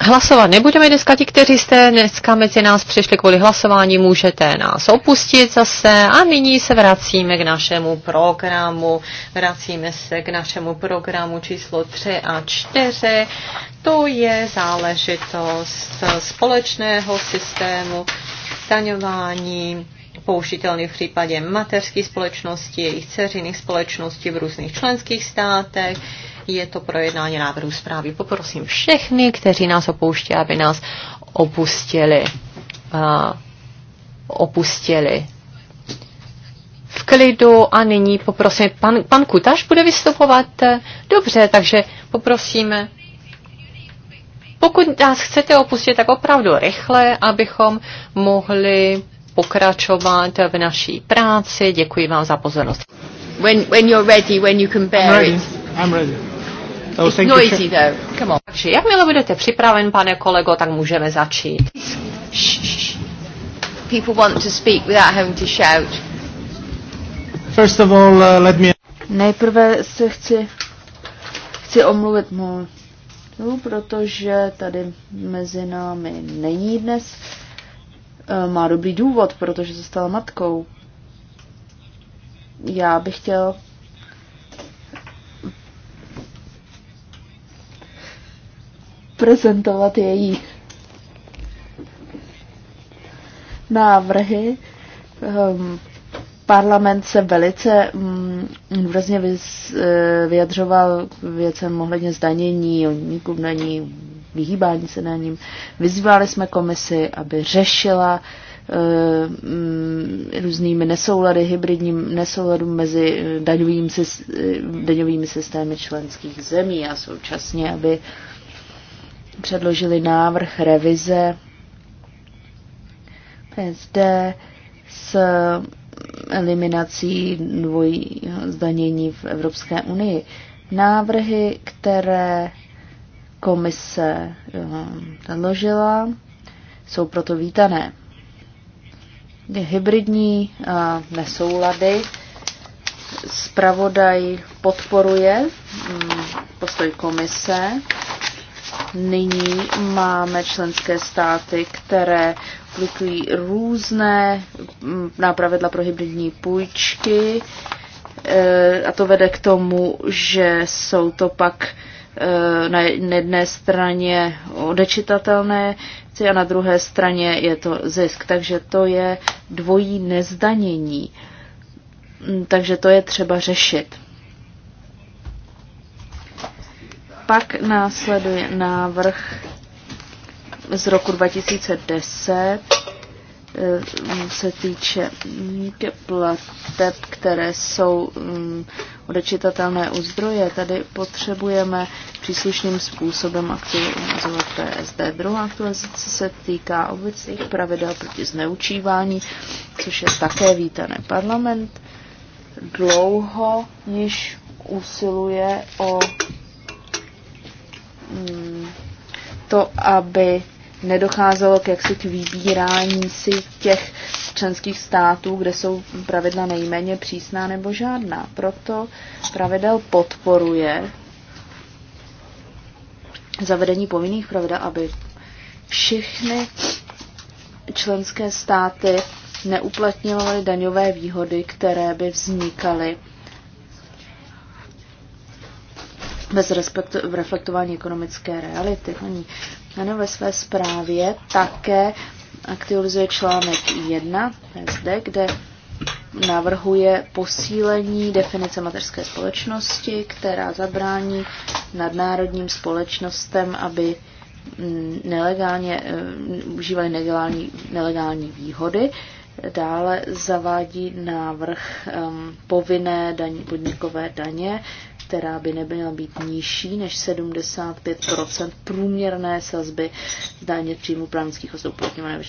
Hlasovat nebudeme dneska, ti, kteří jste dneska mezi nás přišli kvůli hlasování, můžete nás opustit zase a nyní se vracíme k našemu programu. Vracíme se k našemu programu číslo 3 a 4. To je záležitost společného systému daňování použitelný v případě mateřských společností, jejich dceřiných společností v různých členských státech je to projednání návrhu zprávy. Poprosím všechny, kteří nás opouští, aby nás opustili. Uh, opustili v klidu a nyní poprosím, pan, pan Kutaš bude vystupovat. Dobře, takže poprosíme. Pokud nás chcete opustit, tak opravdu rychle, abychom mohli pokračovat v naší práci. Děkuji vám za pozornost. When, when you're ready, when you can bear I'm ready. It. I'm ready noisy oh, though. Come on. Takže jakmile budete připraven, pane kolego, tak můžeme začít. People want to speak without having to shout. First of all, uh, let me... Nejprve se chci, chci omluvit mu, no, protože tady mezi námi není dnes. Eh, má dobrý důvod, protože se stala matkou. Já bych chtěl prezentovat její návrhy. Ehm, parlament se velice mm, důrazně e, vyjadřoval věcem ohledně zdanění, na ní, vyhýbání se ním. Vyzývali jsme komisi, aby řešila e, mm, různými nesoulady, hybridním nesouladům mezi e, daňovými systémy členských zemí a současně, aby uh, předložili návrh revize PSD s eliminací dvojí zdanění v Evropské unii. Návrhy, které komise eh, předložila, jsou proto vítané. Hybridní eh, nesoulady zpravodaj podporuje mm, postoj komise Nyní máme členské státy, které aplikují různé mm, nápravedla pro hybridní půjčky e, a to vede k tomu, že jsou to pak e, na jedné straně odečitatelné a na druhé straně je to zisk. Takže to je dvojí nezdanění. Mm, takže to je třeba řešit. Pak následuje návrh z roku 2010, eh, mm, se týče plateb, které jsou mm, odečitatelné u zdroje, tady potřebujeme příslušným způsobem aktualizovat PSD. Druhá aktualizace se týká obecných pravidel proti zneučívání, což je také vítané. Parlament dlouho již usiluje o to, aby nedocházelo k jaksi k vybírání si těch členských států, kde jsou pravidla nejméně přísná nebo žádná. Proto pravidel podporuje zavedení povinných pravidel, aby všechny členské státy neuplatňovaly daňové výhody, které by vznikaly bez respektu, v reflektování ekonomické reality. Oni Jana ve své zprávě také aktualizuje článek 1 zde, kde navrhuje posílení definice mateřské společnosti, která zabrání nadnárodním společnostem, aby mm, nelegálně, mm, užívali nelegální, nelegální výhody. Dále zavádí návrh um, povinné daň, podnikové daně, která by neměla být nižší než 75 průměrné sazby daně příjmu právnických osob uplatňované ve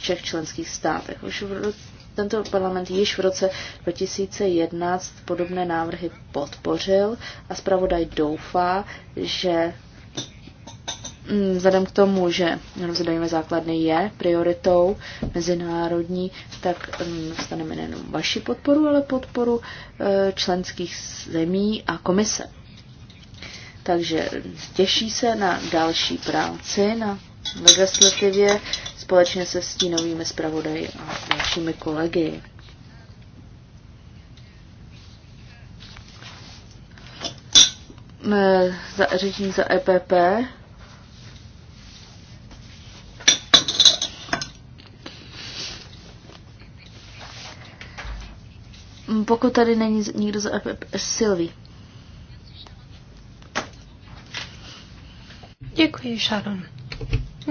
všech členských státech. Už v tento parlament již v roce 2011 podobné návrhy podpořil a zpravodaj doufá, že Mm, vzhledem k tomu, že jenom daňové základny je prioritou mezinárodní, tak mm, dostaneme nejenom vaši podporu, ale podporu e, členských zemí a komise. Takže těší se na další práci na legislativě společně se stínovými zpravodaji a dalšími kolegy. E, za, řečník za EPP Pokud tady není nikdo za Sylvie. Děkuji, Sharon.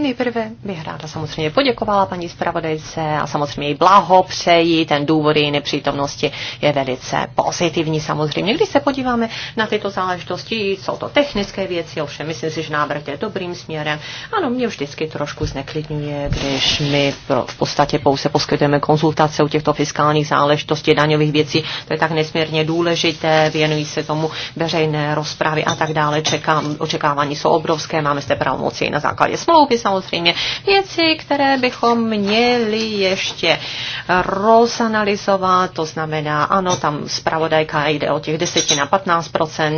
Nejprve bych ráda samozřejmě poděkovala paní zpravodajce a samozřejmě jí blahopřeji. Ten důvod její nepřítomnosti je velice pozitivní samozřejmě. Když se podíváme na tyto záležitosti, jsou to technické věci, ovšem myslím si, že návrh je dobrým směrem. Ano, mě už vždycky trošku zneklidňuje, když my v podstatě pouze poskytujeme konzultace u těchto fiskálních záležitostí, daňových věcí. To je tak nesmírně důležité, věnují se tomu veřejné rozpravy a tak dále. Čekám, očekávání jsou obrovské, máme zde pravomoci na základě smlouvy samozřejmě věci, které bychom měli ještě rozanalizovat, to znamená, ano, tam zpravodajka jde o těch 10 na 15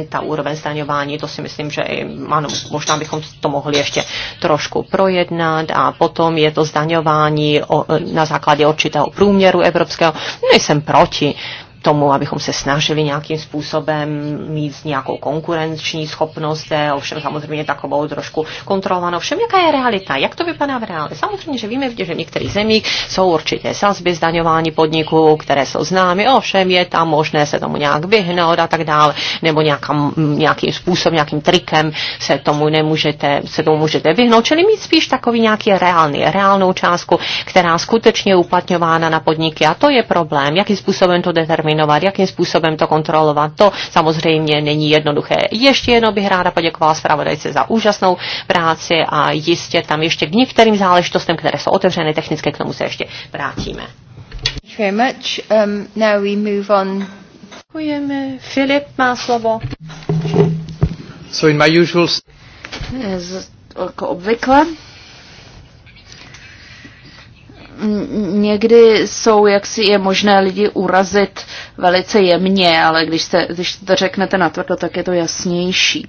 ta úroveň zdaňování, to si myslím, že i, ano, možná bychom to mohli ještě trošku projednat a potom je to zdaňování o, na základě určitého průměru evropského. Nejsem proti tomu, abychom se snažili nějakým způsobem mít nějakou konkurenční schopnost, ovšem samozřejmě takovou trošku kontrolovanou. Všem, jaká je realita, jak to vypadá v reále. Samozřejmě, že víme, že v některých zemích jsou určitě sazby zdaňování podniků, které jsou známy, ovšem je tam možné se tomu nějak vyhnout a tak dále, nebo nějaká, nějakým způsobem, nějakým trikem se tomu nemůžete, se tomu můžete vyhnout, čili mít spíš takový nějaký reálný, reálnou částku, která skutečně je uplatňována na podniky a to je problém, jakým způsobem to determinuje koordinovat, jakým způsobem to kontrolovat. To samozřejmě není jednoduché. Ještě jednou bych ráda poděkovala zpravodajce za úžasnou práci a jistě tam ještě k některým záležitostem, které jsou otevřené technické, k tomu se ještě vrátíme. Um, Děkujeme. Filip má slovo. So in my usual... Z, jako obvykle někdy jsou, jak si je možné lidi urazit velice jemně, ale když, se, když to řeknete natvrdo, tak je to jasnější.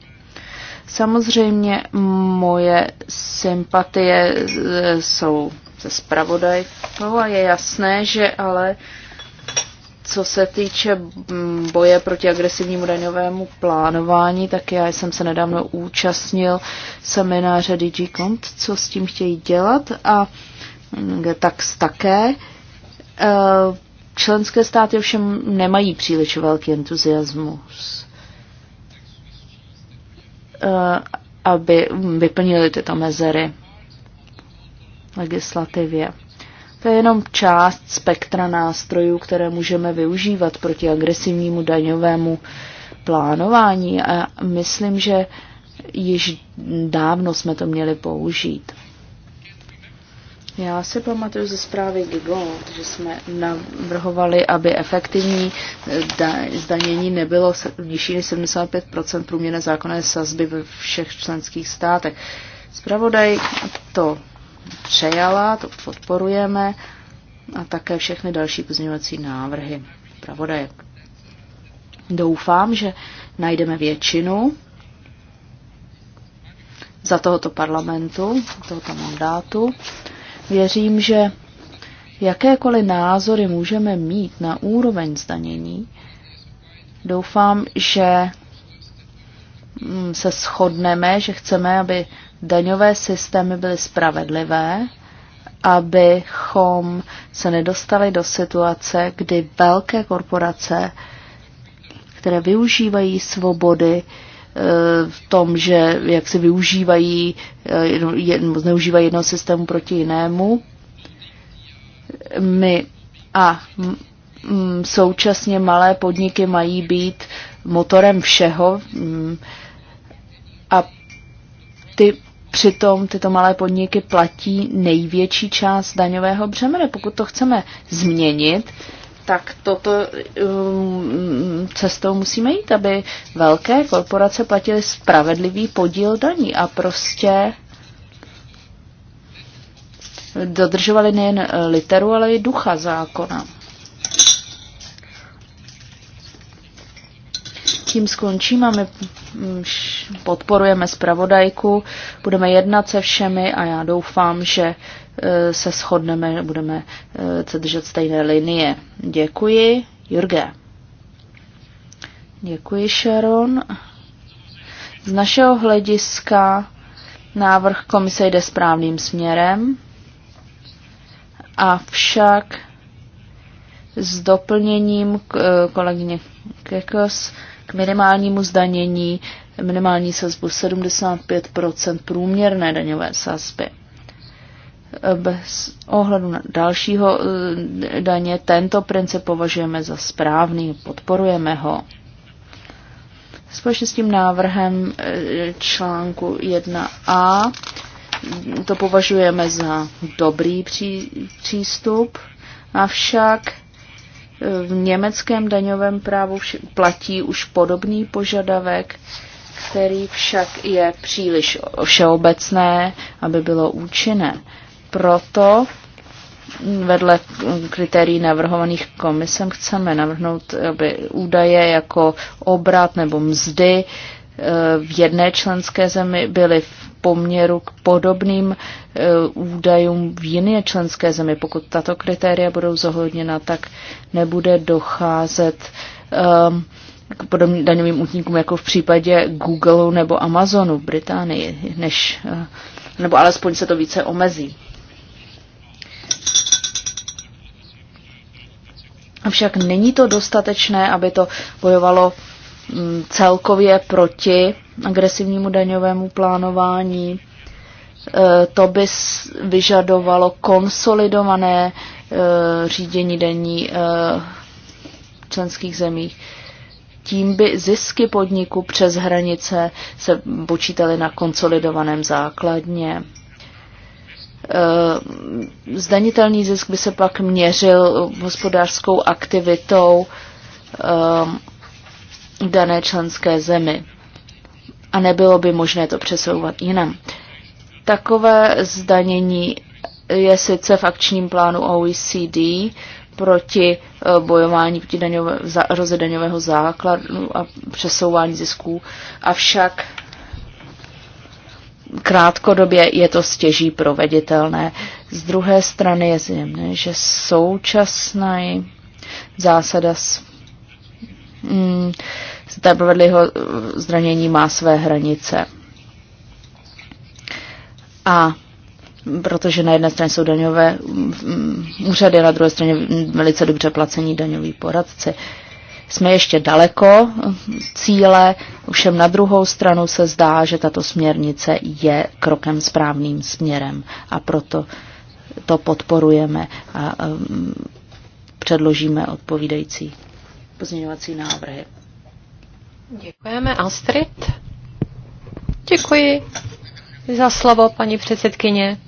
Samozřejmě moje sympatie jsou se spravodajkou a je jasné, že ale co se týče boje proti agresivnímu daňovému plánování, tak já jsem se nedávno účastnil semináře DG Cont, co s tím chtějí dělat a tak také. Eh, členské státy ovšem nemají příliš velký entuziasmus, eh, aby vyplnili tyto mezery legislativě. To je jenom část spektra nástrojů, které můžeme využívat proti agresivnímu daňovému plánování a myslím, že již dávno jsme to měli použít. Já si pamatuju ze zprávy Gigold, že jsme navrhovali, aby efektivní eh, zdanění nebylo nižší než 75 průměrné zákonné sazby ve všech členských státech. Zpravodaj to přejala, to podporujeme a také všechny další pozměňovací návrhy Zpravodaj. Doufám, že najdeme většinu za tohoto parlamentu, tohoto mandátu Věřím, že jakékoliv názory můžeme mít na úroveň zdanění, doufám, že mm, se shodneme, že chceme, aby daňové systémy byly spravedlivé, abychom se nedostali do situace, kdy velké korporace, které využívají svobody, v tom, že jak se využívají, eh, zneužívají jednoho systému proti jinému. My a současně malé podniky mají být motorem všeho mm, a ty Přitom tyto malé podniky platí největší část daňového břemene. Pokud to chceme změnit, tak toto um, cestou musíme jít, aby velké korporace platily spravedlivý podíl daní a prostě dodržovali nejen literu, ale i ducha zákona. Tím skončím a my mm, podporujeme zpravodajku, budeme jednat se všemi a já doufám, že Eh, se shodneme, budeme eh, se držet stejné linie. Děkuji, Jurge. Děkuji, Sharon. Z našeho hlediska návrh komise jde správným směrem, avšak s doplněním eh, kolegyně Kekos k minimálnímu zdanění minimální sazbu 75 průměrné daňové sazby bez ohledu na dalšího eh, daně tento princip považujeme za správný, podporujeme ho. Společně s tím návrhem eh, článku 1a to považujeme za dobrý pří, přístup, avšak eh, v německém daňovém právu platí už podobný požadavek, který však je příliš všeobecné, aby bylo účinné. Proto vedle kritérií navrhovaných komisem chceme navrhnout aby údaje jako obrat nebo mzdy eh, v jedné členské zemi byly v poměru k podobným eh, údajům v jiné členské zemi. Pokud tato kritéria budou zohledněna, tak nebude docházet ehm, k podobným daňovým útníkům jako v případě Google nebo Amazonu v Británii, než, eh, nebo alespoň se to více omezí. Avšak není to dostatečné, aby to bojovalo mm, celkově proti agresivnímu daňovému plánování. E, to by vyžadovalo konsolidované e, řízení daní e, členských zemích. Tím by zisky podniku přes hranice se počítaly na konsolidovaném základně. Eh, zdanitelný zisk by se pak měřil hospodářskou aktivitou v eh, dané členské zemi a nebylo by možné to přesouvat jinam. Takové zdanění je sice v akčním plánu OECD proti eh, bojování proti daňové, rozdaňového základu a přesouvání zisků, avšak krátkodobě je to stěží proveditelné. Z druhé strany je zjemné, že současná zásada s, mm, Tablevedliho zranění má své hranice. A protože na jedné straně jsou daňové mm, úřady, na druhé straně velice dobře placení daňoví poradci. Uh, jsme ještě daleko cíle, ovšem na druhou stranu se zdá, že tato směrnice je krokem správným směrem a proto to podporujeme a um, předložíme odpovídající pozměňovací návrhy. Děkujeme, Astrid. Děkuji za slovo, paní předsedkyně.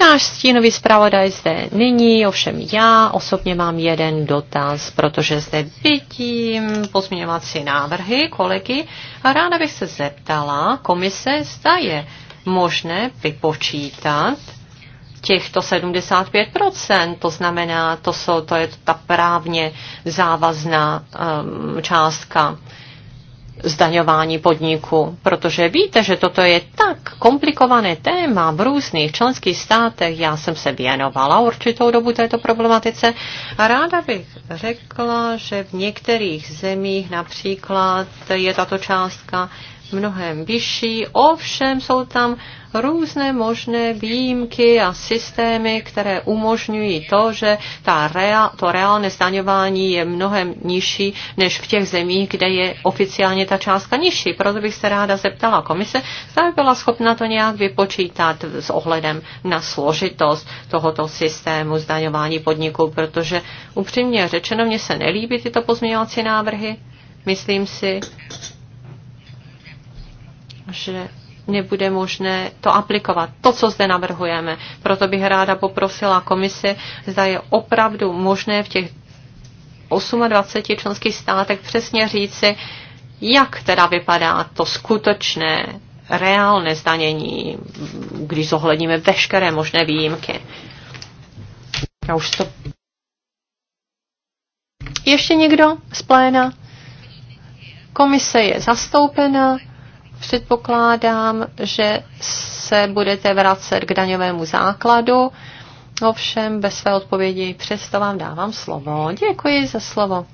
Náš stínový zpravodaj zde není, ovšem já osobně mám jeden dotaz, protože zde vidím pozměňovací návrhy kolegy a ráda bych se zeptala komise, zda je možné vypočítat těchto 75%, to znamená, to, jsou, to je ta právně závazná um, částka zdaňování podniků, protože víte, že toto je tak komplikované téma v různých členských státech. Já jsem se věnovala určitou dobu této problematice a ráda bych řekla, že v některých zemích například je tato částka mnohem vyšší, ovšem jsou tam různé možné výjimky a systémy, které umožňují to, že ta rea, to reálné zdaňování je mnohem nižší než v těch zemích, kde je oficiálně ta částka nižší. Proto bych se ráda zeptala komise, zda by byla schopna to nějak vypočítat s ohledem na složitost tohoto systému zdaňování podniků, protože upřímně řečeno, mně se nelíbí tyto pozměňovací návrhy. Myslím si, že nebude možné to aplikovat, to, co zde navrhujeme. Proto bych ráda poprosila komisi, zda je opravdu možné v těch 28 členských státech přesně říci, jak teda vypadá to skutečné, reálné zdanění, když zohledníme veškeré možné výjimky. Já už to... Ještě někdo z pléna? Komise je zastoupena Předpokládám, že se budete vracet k daňovému základu, ovšem bez své odpovědi přesto vám dávám slovo. Děkuji za slovo.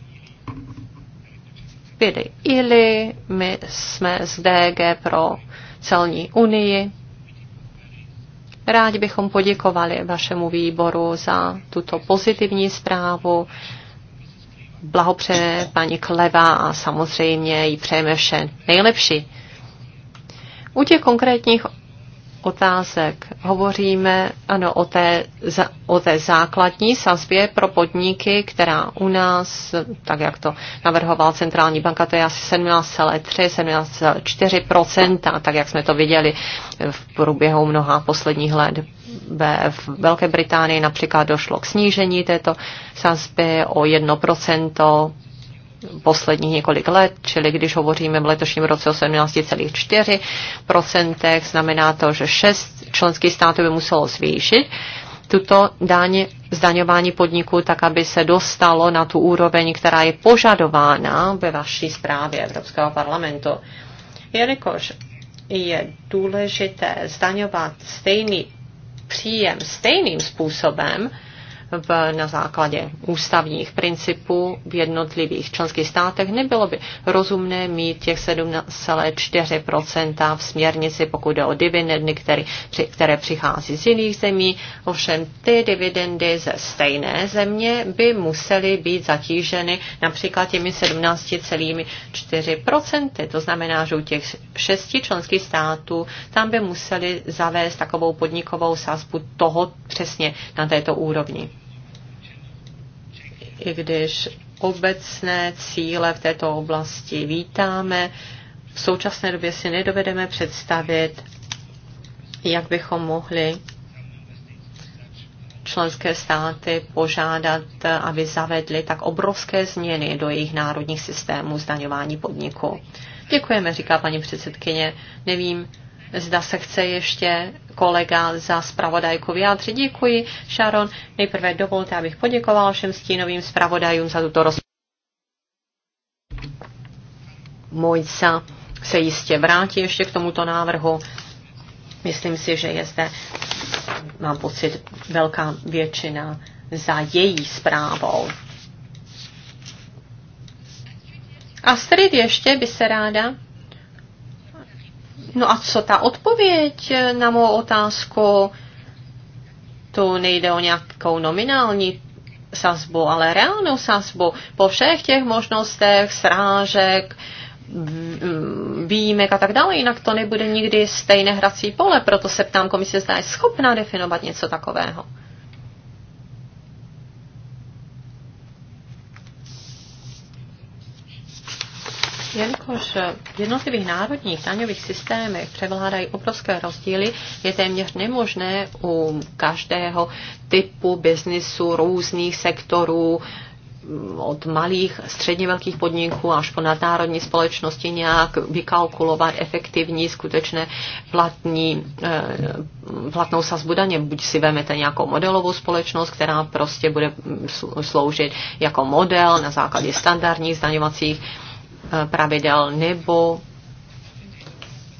Byli Ili, my jsme z DG pro celní unii. Rádi bychom poděkovali vašemu výboru za tuto pozitivní zprávu. Blahopřejeme paní Kleva a samozřejmě jí přejeme vše nejlepší. U těch konkrétních otázek hovoříme ano, o, té, o té základní sazbě pro podniky, která u nás, tak jak to navrhoval Centrální banka, to je asi 17,3, 17,4 tak jak jsme to viděli v průběhu mnoha posledních let. V Velké Británii například došlo k snížení této sazby o 1 posledních několik let, čili když hovoříme v letošním roce o 17,4%, znamená to, že šest členských států by muselo zvýšit tuto daň zdaňování podniků, tak aby se dostalo na tu úroveň, která je požadována ve vaší zprávě Evropského parlamentu. Jelikož je důležité zdaňovat stejný příjem stejným způsobem, v, na základě ústavních principů v jednotlivých členských státech, nebylo by rozumné mít těch 7,4 v směrnici, pokud jde o dividendy, které, které přichází z jiných zemí. Ovšem ty dividendy ze stejné země by musely být zatíženy například těmi 17,4 To znamená, že u těch šesti členských států tam by museli zavést takovou podnikovou sazbu toho přesně na této úrovni i když obecné cíle v této oblasti vítáme, v současné době si nedovedeme představit, jak bychom mohli členské státy požádat, aby zavedly tak obrovské změny do jejich národních systémů zdaňování podniků. Děkujeme, říká paní předsedkyně. Nevím, zda se chce ještě kolega za zpravodajku vyjádřit. Děkuji, Sharon. Nejprve dovolte, abych poděkoval všem stínovým zpravodajům za tuto rozpravu. Mojca se jistě vrátí ještě k tomuto návrhu. Myslím si, že je zde, mám pocit, velká většina za její zprávou. Astrid ještě by se ráda No a co ta odpověď na mou otázku? Tu nejde o nějakou nominální sazbu, ale reálnou sazbu. Po všech těch možnostech, srážek, mm, výjimek a tak dále, jinak to nebude nikdy stejné hrací pole, proto se ptám komise, zda je schopná definovat něco takového. jelikož v jednotlivých národních daňových systémech převládají obrovské rozdíly, je téměř nemožné u každého typu biznisu, různých sektorů, od malých, středně velkých podniků až po nadnárodní společnosti nějak vykalkulovat efektivní, skutečné platní, eh, platnou sazbu daně. Buď si vezmete nějakou modelovou společnost, která prostě bude sloužit jako model na základě standardních zdaňovacích pravidel nebo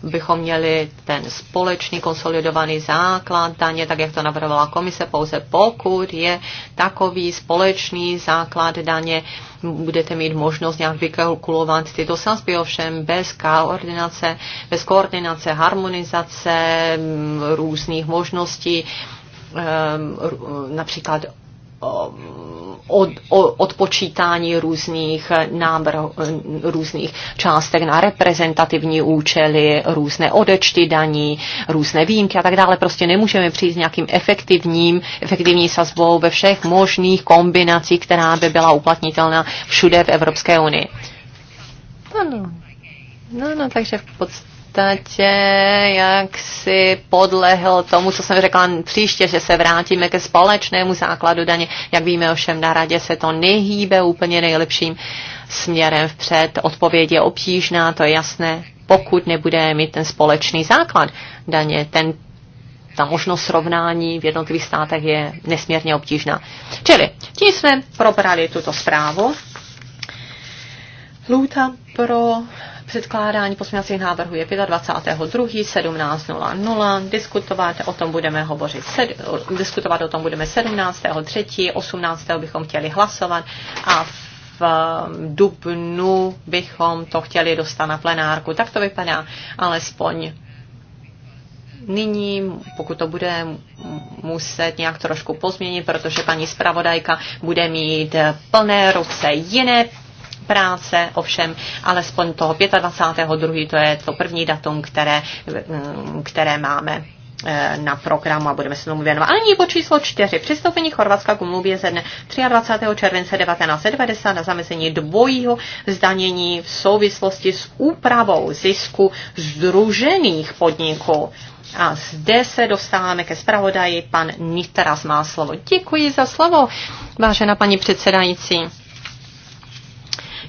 bychom měli ten společný konsolidovaný základ daně, tak jak to navrhovala komise, pouze pokud je takový společný základ daně, budete mít možnost nějak vykalkulovat tyto sazby, ovšem bez koordinace, bez koordinace, harmonizace, mm, různých možností, mm, například Um, od, od, odpočítání různých návrh, různých částek na reprezentativní účely, různé odečty daní, různé výjimky a tak dále. Prostě nemůžeme přijít s nějakým efektivním, efektivní sazbou ve všech možných kombinacích, která by byla uplatnitelná všude v Evropské unii. Ano. No, no, takže v podstatě podstatě jak si podlehl tomu, co jsem řekla příště, že se vrátíme ke společnému základu daně. Jak víme ovšem na radě se to nehýbe úplně nejlepším směrem vpřed. Odpověď je obtížná, to je jasné, pokud nebude mít ten společný základ daně, ten ta možnost srovnání v jednotlivých státech je nesmírně obtížná. Čili tím jsme probrali tuto zprávu. Lůta pro Předkládání posměvacích návrhů je 25.2.17.00. Diskutovat o tom budeme hovořit, sed, diskutovat o tom budeme 17.3. 18. bychom chtěli hlasovat a v um, dubnu bychom to chtěli dostat na plenárku. Tak to vypadá alespoň nyní, pokud to bude muset nějak trošku pozměnit, protože paní zpravodajka bude mít eh, plné ruce jiné práce, ovšem alespoň toho 25.2. to je to první datum, které, mm, které máme eh, na programu a budeme se tomu věnovat. A nyní po číslo 4. Přistoupení Chorvatska k umluvě ze dne 23. července 1990 na zamezení dvojího zdanění v souvislosti s úpravou zisku združených podniků. A zde se dostáváme ke zpravodaji. Pan Nitras má slovo. Děkuji za slovo, vážená paní předsedající.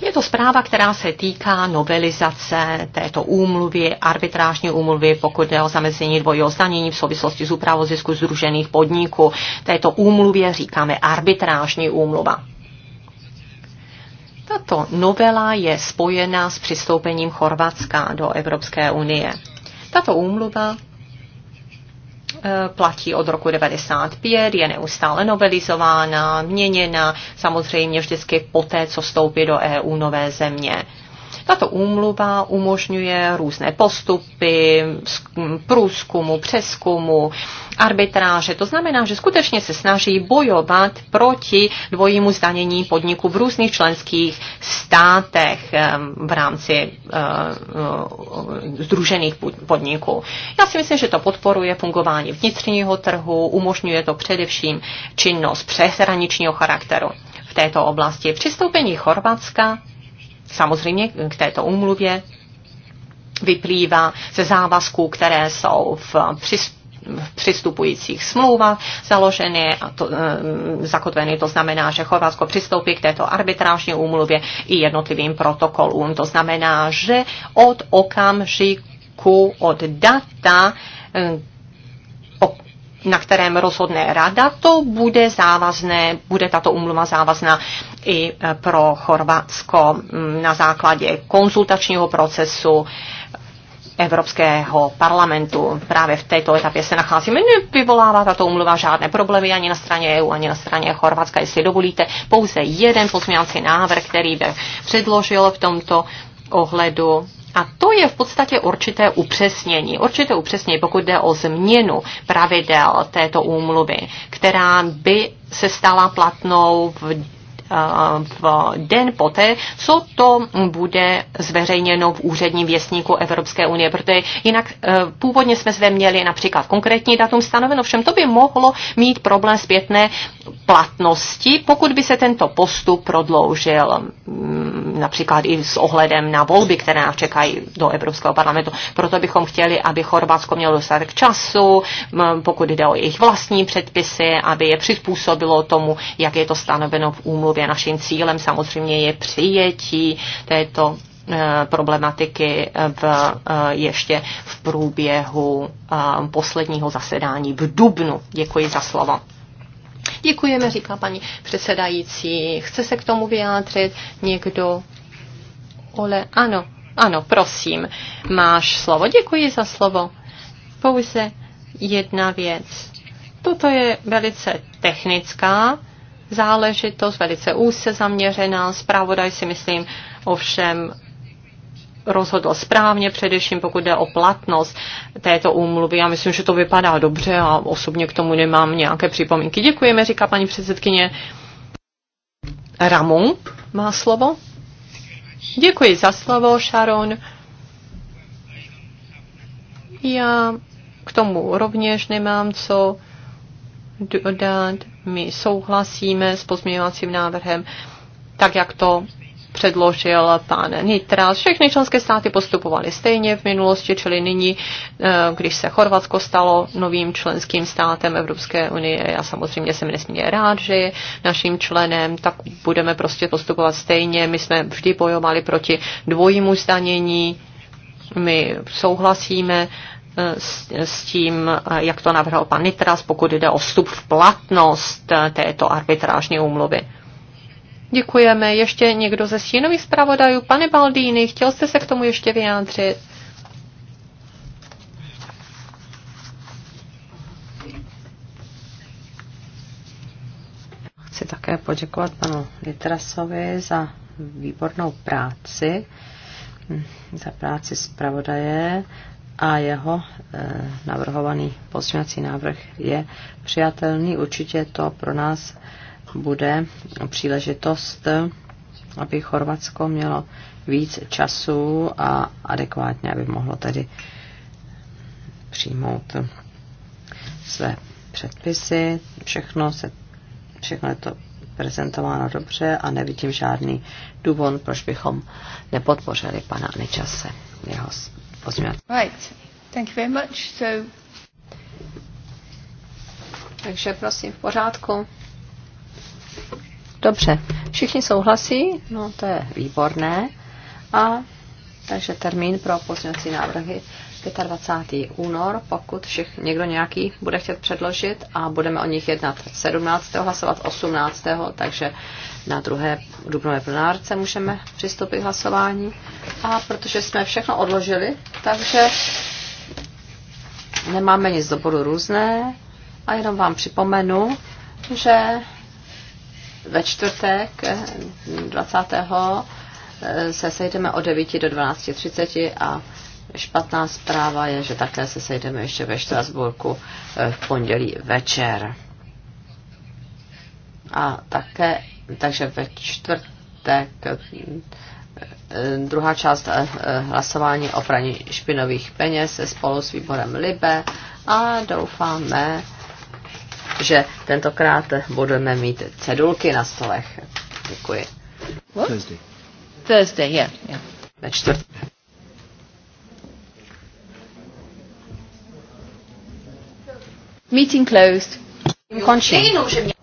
Je to zpráva, která se týká novelizace této úmluvy, arbitrážní úmluvy, pokud jde o zamezení dvojího zdanění v souvislosti s úpravou zisku združených podniků. Této úmluvě říkáme arbitrážní úmluva. Tato novela je spojená s přistoupením Chorvatska do Evropské unie. Tato úmluva Eh, platí od roku 1995, je neustále novelizována, měněna, samozřejmě vždycky poté, co vstoupí do EU nové země. Tato úmluva umožňuje různé postupy, průzkumu, přeskumu, arbitráže. To znamená, že skutečně se snaží bojovat proti dvojímu zdanění podniků v různých členských státech v rámci eh, eh, združených podniků. Já si myslím, že to podporuje fungování vnitřního trhu, umožňuje to především činnost přeshraničního charakteru. V této oblasti přistoupení Chorvatska samozřejmě k této úmluvě vyplývá ze závazků, které jsou v přistupu v přistupujících smlouvách založeny a to, e, zakotveny. To znamená, že Chorvatsko přistoupí k této arbitrážní úmluvě i jednotlivým protokolům. To znamená, že od okamžiku, od data, eh, na kterém rozhodne rada, to bude závazné, bude tato umluva závazná i eh, pro Chorvatsko mm, na základě konzultačního procesu Evropského parlamentu. Právě v této etapě se nacházíme. Nevyvolává tato umluva žádné problémy ani na straně EU, ani na straně Chorvatska, jestli dovolíte. Pouze jeden pozměňovací návrh, který by předložil v tomto ohledu a to je v podstatě určité upřesnění. Určité upřesnění, pokud jde o změnu pravidel této úmluvy, která by se stala platnou v eh, v den poté, co to bude zveřejněno v úředním věstníku Evropské unie, protože jinak eh, původně jsme zde měli například konkrétní datum stanoveno, všem to by mohlo mít problém zpětné platnosti, pokud by se tento postup prodloužil. Mm, například i s ohledem na volby, které nás čekají do Evropského parlamentu. Proto bychom chtěli, aby Chorvatsko mělo dostatek času, pokud jde o jejich vlastní předpisy, aby je přizpůsobilo tomu, jak je to stanoveno v úmluvě. Naším cílem samozřejmě je přijetí této e, problematiky v, e, ještě v průběhu e, posledního zasedání v Dubnu. Děkuji za slovo. Děkujeme, říká paní předsedající. Chce se k tomu vyjádřit někdo? Ole, ano, ano, prosím. Máš slovo. Děkuji za slovo. Pouze jedna věc. Toto je velice technická záležitost, velice úzce zaměřená. Zpravodaj si myslím ovšem rozhodl správně, především pokud jde o platnost této úmluvy. Já myslím, že to vypadá dobře a osobně k tomu nemám nějaké připomínky. Děkujeme, říká paní předsedkyně. Ramu má slovo. Děkuji za slovo, Sharon. Já k tomu rovněž nemám co dodat. My souhlasíme s pozměňovacím návrhem, tak jak to předložil pan Nitra. Všechny členské státy postupovaly stejně v minulosti, čili nyní, eh, když se Chorvatsko stalo novým členským státem Evropské unie, já samozřejmě jsem nesmírně rád, že je naším členem, tak budeme prostě postupovat stejně. My jsme vždy bojovali proti dvojímu zdanění, my souhlasíme eh, s, s tím, eh, jak to navrhl pan Nitras, pokud jde o vstup v platnost této arbitrážní úmluvy. Děkujeme. Ještě někdo ze stínových zpravodajů? Pane Baldýny, chtěl jste se k tomu ještě vyjádřit? Chci také poděkovat panu Litrasovi za výbornou práci, hm, za práci zpravodaje a jeho eh, navrhovaný pozměňovací návrh je přijatelný. Určitě to pro nás bude příležitost, aby Chorvatsko mělo víc času a adekvátně, aby mohlo tedy přijmout své předpisy. Všechno, se, všechno je to prezentováno dobře a nevidím žádný důvod, proč bychom nepodpořili pana Nečase. Jeho pozměn. Right. Thank you very much. So... Takže prosím v pořádku. Dobře, všichni souhlasí, no to je výborné. A takže termín pro pozměňovací návrhy 25. únor, pokud všich, někdo nějaký bude chtět předložit a budeme o nich jednat 17. hlasovat 18. takže na druhé dubnové plenárce můžeme přistoupit k hlasování. A protože jsme všechno odložili, takže nemáme nic do bodu různé a jenom vám připomenu, že ve čtvrtek 20. Eh, eh, se sejdeme od 9 do 12.30 a špatná zpráva je, že také se sejdeme ještě ve Štrasburku eh, v pondělí večer. A také, takže ve čtvrtek druhá část hlasování o praní špinových peněz spolu s výborem Libe a doufáme, že tentokrát budeme mít cedulky na stolech. Děkuji. What? Thursday. Thursday, yeah, yeah. Ve čtvrt. Meeting closed. Končím.